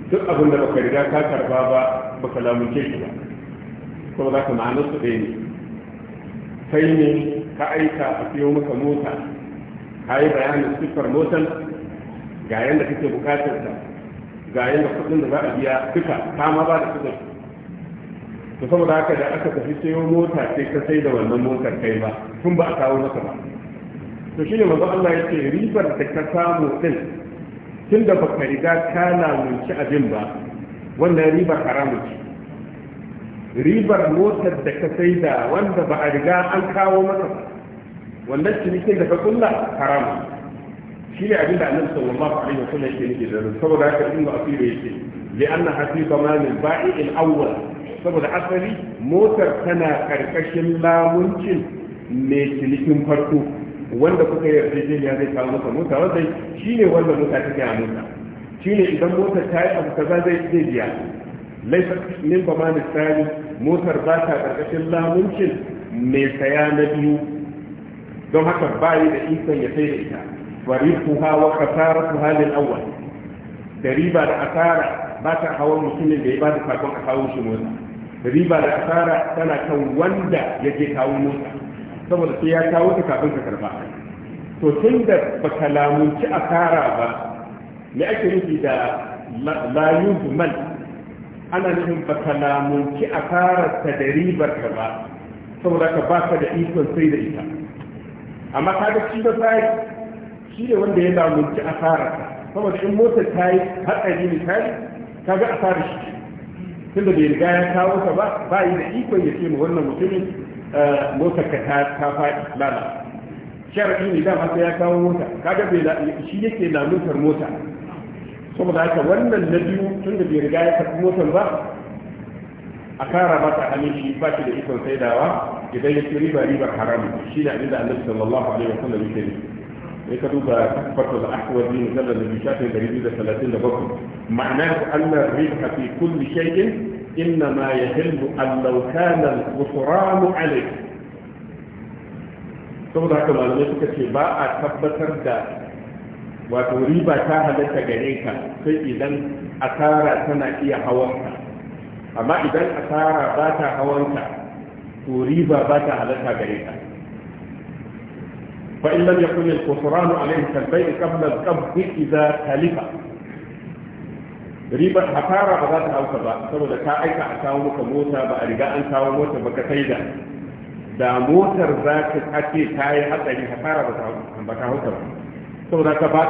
duk abin da baka riga ka karba ba baka lamunce shi ba za ka ma'anar su ɗaya ne kai ne ka aika a fiye maka mota ka yi bayanin sifar motar ga yanda kake bukatar ta ga yanda kudin da za a biya duka ta ma ba da kudin to saboda haka da aka tafi sayo mota sai ka sai da wannan motar kai ba tun ba a kawo maka ba to shine manzo Allah yake ribar da ka samu din tun da baka riga ka lamunci abin ba wannan ribar haramu ce ribar motar da ka sai da wanda ba a riga an kawo maka ba wannan cinikin da ka kulla haramu shi ne abinda annabi sallallahu alaihi sallam yake nake da saboda haka ba asir yake li anna hasifa min ba'i al-awwal saboda asali motar tana karkashin lamuncin mai cinikin farko wanda kuka yarda je ya zai kawo maka mota wanda shi ne wanda mota ta gaya mota shi ne idan motar ta yi abu kaza zai zai biya laifa min ba ma misali motar ba ta karkashin lamuncin mai saya na biyu don haka bayi da ikon ya sai da ita وربحها وخسارتها للأول تريبا الأثارة بات حوال مسلم بإبادة فاكون أحاول شموزا riba da asara tana kan wanda ya je kawo mota saboda sai ya kawo ta kafin ka karba to tun da ba lamunci asara ba me ake nufi da layu man ana nufin ba ka lamunci asarar ta da ribar ka saboda ba ka da ikon sai da ita amma ka shi ba sai shi ne wanda ya lamunci asara saboda in motar ta yi hatsari misali ka ga asara shi tun da bai riga ya kawo ka ba ba yi da ikon ya ce ma wannan mutumin eh, motar ka ta faɗi lala sharaɗi ne dama sai ya kawo mota kaga bai shi yake lamuntar mota saboda haka wannan na biyu tun da bai riga ya karɓi motar ba a kara masa hannun ba shi da ikon saidawa idan ya ci riba riba haramu shi ne abin da annabi sallallahu alaihi wasallam yake nufi يكتب كفرت الأحوال من نزل النبي شافي قريب إلى 30 معناه أن الربح في كل شيء إنما يهم أن لو كان الغفران عليك ثم ذاك ما لم يكن شباء تبت ردا وتريب في إذن أثار سنائي حوانك أما إذن أثار بات حوانك تريب بات حوانك فإن لم يكن الكفران عليه كالبيع قبل القبض إذا تلف ribar hasara ba za ta auka ba saboda ka aika a kawo maka mota ba a riga an kawo mota ba ka sai da da motar za ka kace ta yi hasara ta ba saboda ka ba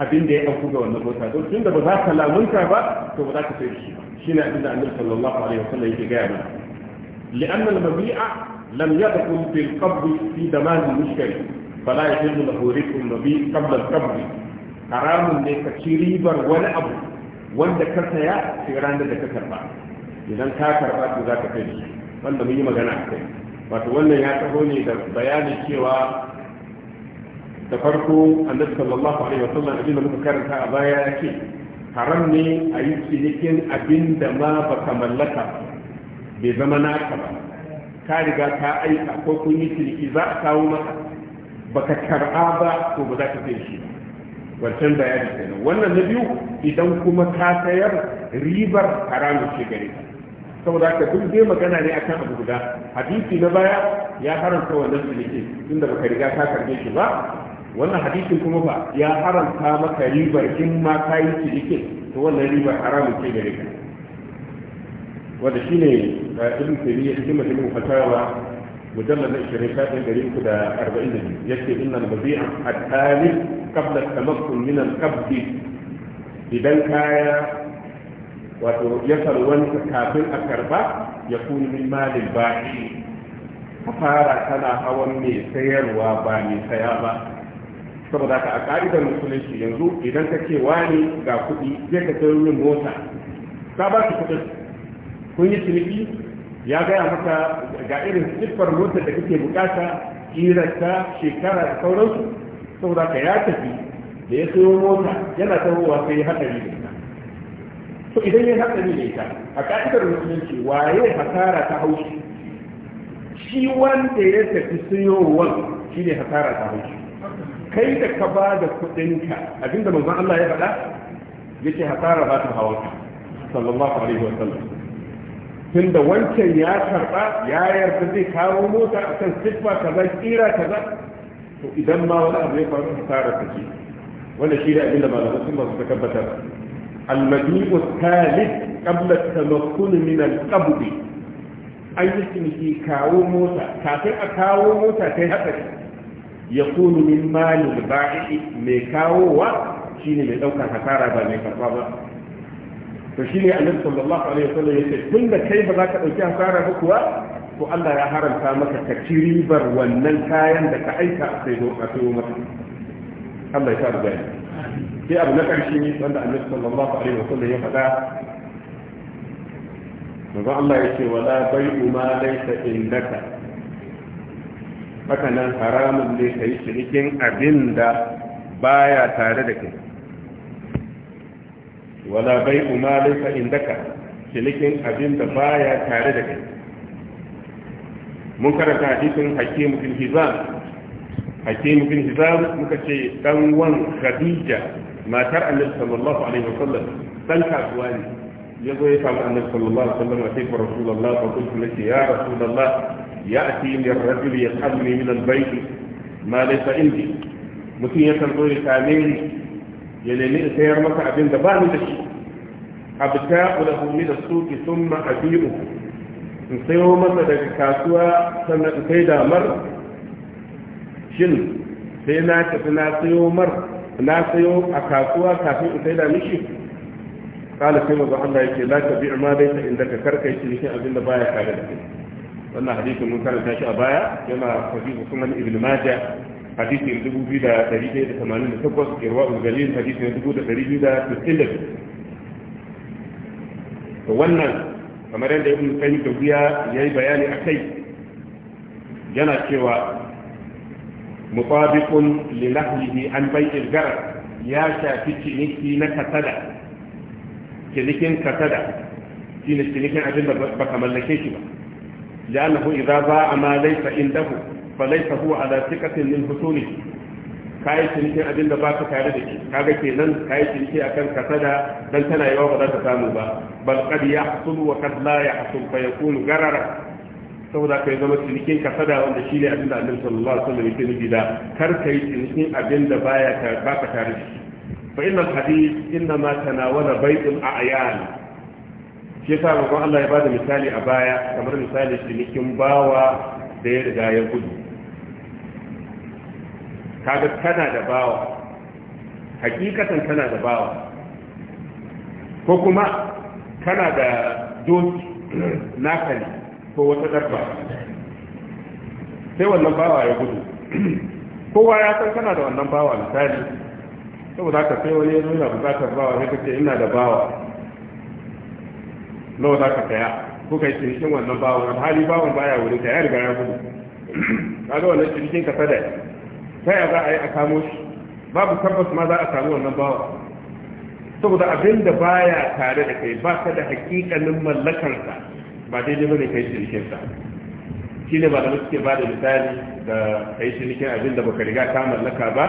abin da ya auku ga wannan mota don tun da ba za ka lamunta ba to ba za ka sai shi ba shine abin da annabi sallallahu alaihi wasallam yake gaya mana li'anna al-mabi'a لم يحكم بالقبض في زمان المشتري فلا يحل له رزق النبي قبل القبض حرام ne ka ci ribar wani abu wanda ka saya sai ranar da ka karba idan ka karba to za ka kai wanda mun yi magana a kai wato wannan ya taho ne da bayanin cewa da farko annabi sallallahu alaihi wasallam abin da muka karanta a baya ya ce haram ne a yi cinikin abin da ma baka mallaka bai zama naka ba ka riga ka aika ko kun yi ciniki za a kawo maka baka karɓa ba to ba za ka sayar shi wancan bayani kenan wannan na biyu idan kuma ka sayar ribar haramun ce gare ka saboda ka duk dai magana ne akan abu guda hadisi na baya ya haramta wannan ciniki tunda baka riga ka karbe shi ba wannan hadisin kuma ba ya haramta maka ribar in ma ka yi ciniki to wannan ribar haramun ce gare ka wanda shi ne ibn taymiya cikin majmu'u fatawa mujallal na da shafin 342 yace innal mabi'a at-talib qabla at-tamakkun min al-qabd idan kaya wato ya wani kafin a karba ya kuni min malin ba'i fara tana hawan mai sayarwa ba mai saya ba saboda ka a ka'idar musulunci yanzu idan ka ce wani ga kuɗi zai ka sayar min mota ka ba shi kuɗin kun yi ciniki ya gaya maka ga irin siffar motar da kake bukata hirarta shekara da sauransu saboda ka ya tafi da ya sayo mota yana tarowa sai ya haɗari da ita to idan ya haɗari da ita a ƙa'idar musulunci waye hasara ta haushi shi wanda ya tafi sayowar shi ne hasara ta haushi kai da ka ba da kuɗinka abinda manzon Allah ya faɗa ce hasara ba ta ka sallallahu alaihi wa sallam tun wancan ya karɓa ya yarda zai kawo mota a kan siffa kaza kira kaza to idan ma wani abu ya faru hasara ta ce wanda shi da abin da malamai sun masu tabbatar almadi'u talib qabla tamakkun min al-qabd an yi ciniki kawo mota kafin a kawo mota kai hatsari ya kunu min malin ba'i mai kawowa shine mai ɗaukar hasara ba mai karɓa ba to ne annabi sallallahu alaihi wasallam yace tun da kai ba za ka dauki hasara ba kuwa to Allah ya haramta maka ka ci ribar wannan kayan da ka aika a sai a sayo maka Allah ya sa gani sai abu na karshe wanda annabi sallallahu alaihi wasallam ya faɗa manzo Allah ya yace wala bai'u ma laysa indaka haka nan haramun ne kai cinikin abin da baya tare da kai wala bai ma laysa indaka cinikin abin da baya tare da kai mun karanta hadisin hakim bin hizam hakim bin hizam muka ce dan wan khadija matar annabi sallallahu alaihi wasallam dan kasuwa ne ya zo ya samu annabi sallallahu alaihi wasallam sai rasulullah fa kuntu laki ya rasulullah ya'ti min rajul ya min al-bayt ma laysa indi mutum ya kan zo ya ni ya nemi in sayar maka abin da ba ni da shi abta ulahu min as-suqi thumma abi'u in sayo masa daga kasuwa sannan in kai damar shin sai na tafi na sayo mar na sayo a kasuwa kafin in kai da mishi kala sai mazu Allah yake la ka bi'a ma dai ta inda ka karkai shi abin da baya kare da shi wannan hadisin mun karanta shi a baya yana fadi hukumar ibn majah hadisi dubu biyu da dari ɗaya da tamanin da takwas irwa'ul ungalin hadisi na dubu da dari biyu da sittin da biyu wannan kamar yadda ibn qayyim da wuya ya yi bayani a kai. yana cewa mutabiqun li nahyihi an bai'il garar ya shafi ciniki na kasada cinikin kasada shine cinikin abin da ba ka mallake shi ba ya annahu idza ba'a ma laysa indahu falaita huwa ala thiqatin min husuli kai cinike da ba ka tare da shi kaga kenan kai cinike akan kasada dan tana yawa ba za ta samu ba bal qad yahsul wa qad la yahsul fa yakunu garara saboda kai zama cinikin kasada wanda shi ne abin da annabi sallallahu alaihi wasallam yake nufi da kar kai cinikin abin abinda baya ta ba ka tare da shi fa inna hadith inna ma tanawala baitul a'yan shi yasa manzon Allah ya bada misali a baya kamar misali cinikin bawa da ya riga ya gudu kaga kana da bawa hakikatan kana da bawa ko kuma kana da doki naka ne ko wata darba sai wannan bawa ya gudu kowa ya san kana da wannan bawa misali saboda ka sai wani ya zo yana bukatar bawa sai kace ina da bawa nawa za ka saya ko kai cinikin wannan bawan hali bawan baya wurin ka ya riga ya gudu kaga wannan cinikin ka sadaka ta ya za a yi a kamo shi babu tabbas ma za a samu wannan bawa saboda abinda ba baya tare da kai ba ka da hakikanin mallakarsa ba daidai ba ne kai cinikin sa shi ne ba da suke ba da misali da kai cinikin abinda ba ka riga ta mallaka ba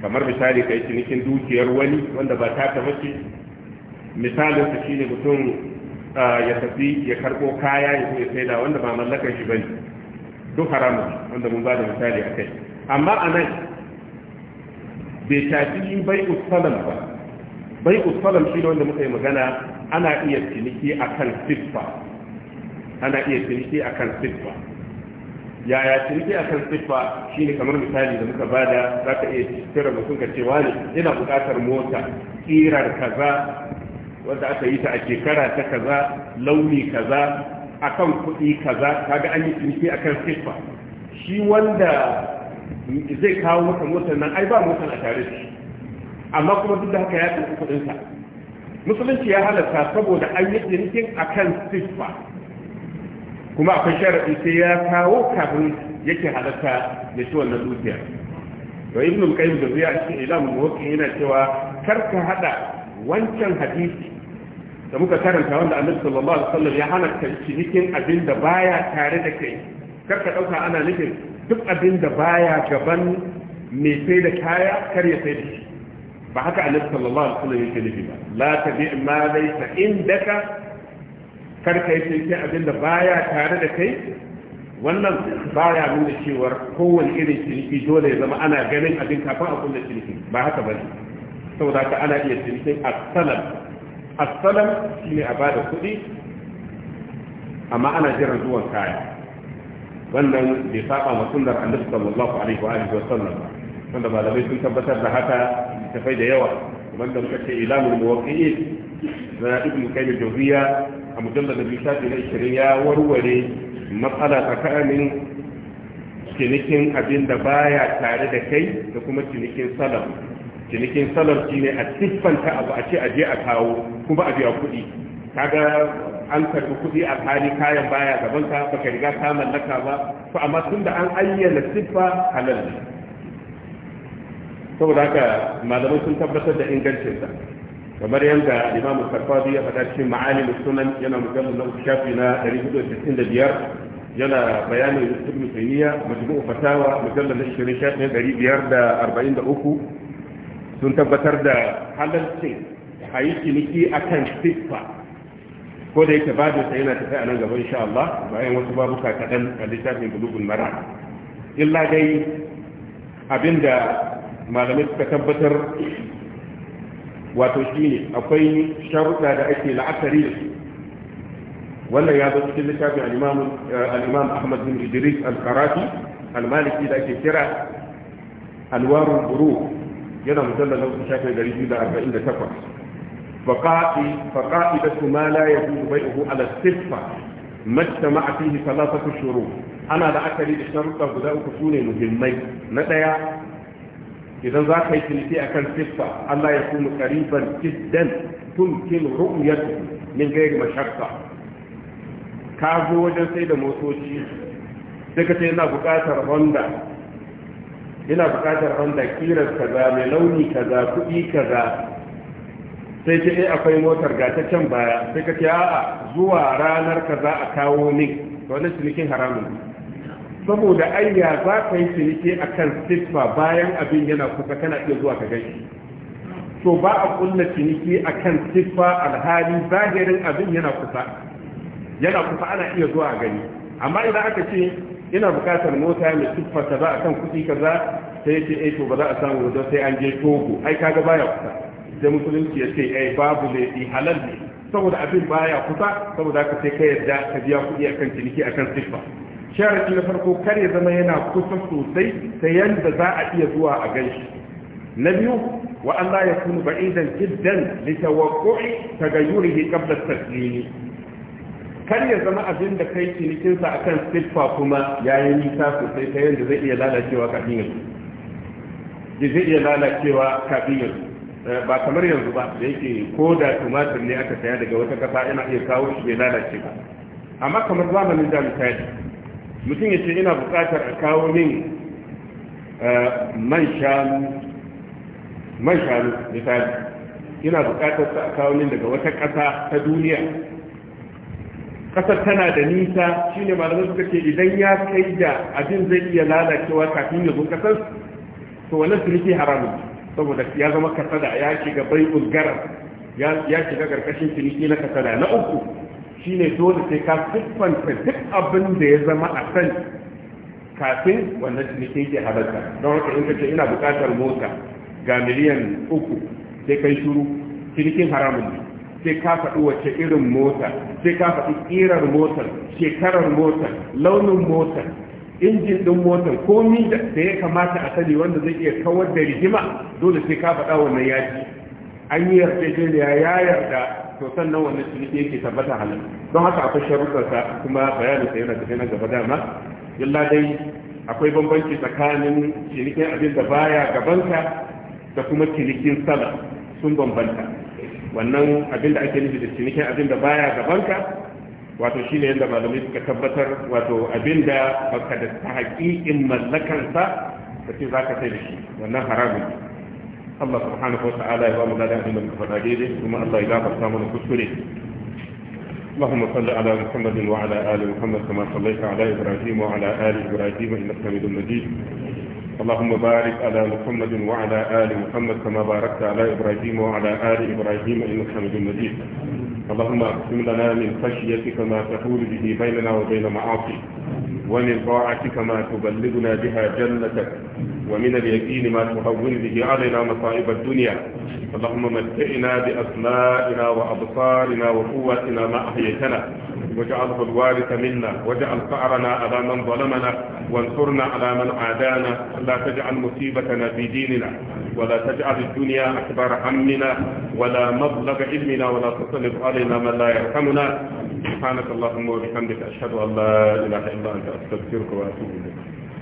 kamar misali kai cinikin dukiyar wani wanda ba ta ta bace misalin shi ne mutum ya tafi ya karbo kaya ya sai da wanda ba mallakar shi ba ne. duk haramun wanda mun ba da misali a kai. amma a nan bai tafi shafi bai usalam ba bai usalam shi ne wanda muka yi magana ana iya ciniki kan siffa ana iya ciniki kan siffa yaya ciniki kan siffa shi ne kamar misali da muka bada za ka iya kira mutum ka cewa ne ina buƙatar mota ƙirar kaza wanda aka yi ta a shekara ta kaza launi kaza akan kuɗi kaza kaga an yi ciniki akan siffa shi wanda zai kawo maka motar nan ai ba motar a tare shi amma kuma duk da haka ya karɓi kuɗinsa musulunci ya halarta saboda an yi jirgin a kan kuma akwai sharaɗi sai ya kawo kafin yake halatta da shi wannan dukiya to ibn al-qayyim da zuya cikin ilam muwaqqi yana cewa kar ka hada wancan hadisi da muka karanta wanda annabi sallallahu alaihi wasallam ya halarta cinikin abin da baya tare da kai kar ka dauka ana nufin duk abin da baya gaban mai sai da kaya kar ya sai da shi ba haka annabi sallallahu alaihi wasallam yake nufi ba la tabi ma laysa indaka kar ka yi sai abin da baya tare da kai wannan baya nuna cewar kowane irin ciniki dole ya zama ana ganin abin kafin a kulle ciniki ba haka ba ne saboda ka ana iya cinikin asalan asalam shi ne a bada kuɗi amma ana jiran zuwan kaya wannan bai saba wa sunnar annabi sallallahu alaihi wa alihi wa sallam wanda malamai sun tabbatar da haka tafai da yawa wanda muka ce ilamul muwaqqi'in na ibn qayyim al-jawziyya a mujallad nabi shafi na 20 ya warware matsala tsakanin cinikin abin da baya tare da kai da kuma cinikin salam cinikin salam shine a siffanta abu a ce a je a kawo kuma a biya kuɗi kaga an karbi kudi a hali kayan baya gaban ka baka riga ka mallaka ba to amma tun da an ayyana siffa halal ne saboda haka malamai sun tabbatar da ingancin sa kamar yadda imamu sarfadi ya faɗa cikin ma'alimin sunan yana mujallar na shafi na 465 yana bayanin ibn taymiya majmu'u fatawa mujallal 20 shafin 543 sun tabbatar da halalcin a yi ciniki akan siffa ko da yake babu sai yana tafi a nan gaba insha Allah bayan wasu babuka kaɗan a littafin bulugun mara illa dai abinda malamai suka tabbatar wato shine akwai sharuɗa da ake la'akari da su wannan ya zo cikin littafin al-imam eh, Ahmad bin Idris al-Karafi al-Maliki da ake kira Alwarul Buru yana mujallal shafin 248 فقائي فقائدة ما لا يجوز بيعه على السفة ما اجتمع فيه ثلاثة شروط أنا لا أكري الشرطة غداء كسوني مهمين ندايا إذا ذاك يتلتي أكل سفة ألا يكون قريبا جدا تمكن رؤيته من غير مشقة كازو وجن سيدة موتوشي سكتي أنا بقاتر هوندا ina buƙatar honda kirar kaza mai launi kaza kuɗi kaza sai ce akwai motar ga ta can baya sai ka ce a'a zuwa ranar ka za a kawo min wannan cinikin haramun saboda ayya za ka yi ciniki akan siffa bayan abin yana kusa kana iya zuwa ka gani. to ba a kulla ciniki akan siffa alhali zahirin abin yana kusa yana kusa ana iya zuwa a gani amma idan aka ce ina bukatar mota mai siffa a kan kuɗi kaza sai ce eh, to ba za a samu wajen sai an je togo ai kaga baya kusa sai musulunci ya ce ai babu laifi halal ne saboda abin baya kusa saboda ka sai ka yarda ka biya kuɗi akan ciniki akan sifa sharadi na farko kar ya zama yana kusa sosai ta yanda za a iya zuwa a ganshi na biyu wa Allah ya kunu ba'idan jiddan li tawaqqu'i tagayyurihi qabla at-taslim kar ya zama abin da kai cinikinsa akan siffa kuma yayi nisa sosai ta yanda zai iya lalacewa kafin yanzu zai iya lalacewa kafin yanzu Eh, ba kamar yanzu ba da yake ko da tumatir ne aka saya daga wata kasa ina iya kawo shi bai lalace ba amma kamar zamanin da misali mutum ya ce ina buƙatar a kawo min eh, man shanu man shanu misali ina buƙatar a kawo min daga wata ƙasa ta duniya ƙasar tana da nisa shine malamai suka ce idan ya kai da abin zai iya lalacewa kafin ya zo kasar to wannan ciniki haramun saboda ya zama kasada ya shiga bai ulgara ya shiga karkashin ciniki na kasada na uku shi ne dole sai ka siffanta duk abin da ya zama a sani kafin wannan ciniki ke halarta don haka in kace ina bukatar mota ga miliyan uku sai kai shuru cinikin haramun ne sai ka faɗi wace irin mota sai ka faɗi ƙirar motar shekarar motar launin motar injin ɗin motar komi da ya kamata a sani wanda zai iya kawar da rigima dole sai ka faɗa wannan yaji an yi yarjejeniya ya yarda to sannan wannan ciniki yake tabbata halin don haka akwai sharuɗarsa kuma bayanin sa yana tafiya na gaba dama illa dai akwai bambanci tsakanin cinikin abin da baya gabanka da kuma cinikin sala sun bambanta wannan abin da ake nufi da cinikin abin da baya gabanka wato shine yadda malamai suka tabbatar wato abinda baka da haƙiƙin mallakarsa da ce za ka sai da shi wannan haramun Allah subhanahu wa ta'ala ya ba mu ladan abin da muka faɗa daidai kuma Allah ya gafarta mana kuskure اللهم صل على محمد وعلى آل محمد كما صليت على إبراهيم وعلى آل إبراهيم إنك حميد مجيد اللهم بارك على محمد وعلى آل محمد كما باركت على إبراهيم وعلى آل إبراهيم إنك حميد مجيد اللهم اقسم لنا من خشيتك ما تحول به بيننا وبين معاصيك ومن طاعتك ما تبلغنا بها جنتك ومن اليقين ما تهون به علينا مصائب الدنيا اللهم متعنا بأسمائنا وأبصارنا وقوتنا ما أحييتنا واجعله الوارث منا واجعل قعرنا على من ظلمنا وانصرنا على من عادانا لا تجعل مصيبتنا في ديننا ولا تجعل الدنيا أكبر همنا ولا مبلغ علمنا ولا تسلط علينا من لا يرحمنا سبحانك اللهم وبحمدك أشهد أن لا إله إلا أنت أستغفرك وأتوب إليك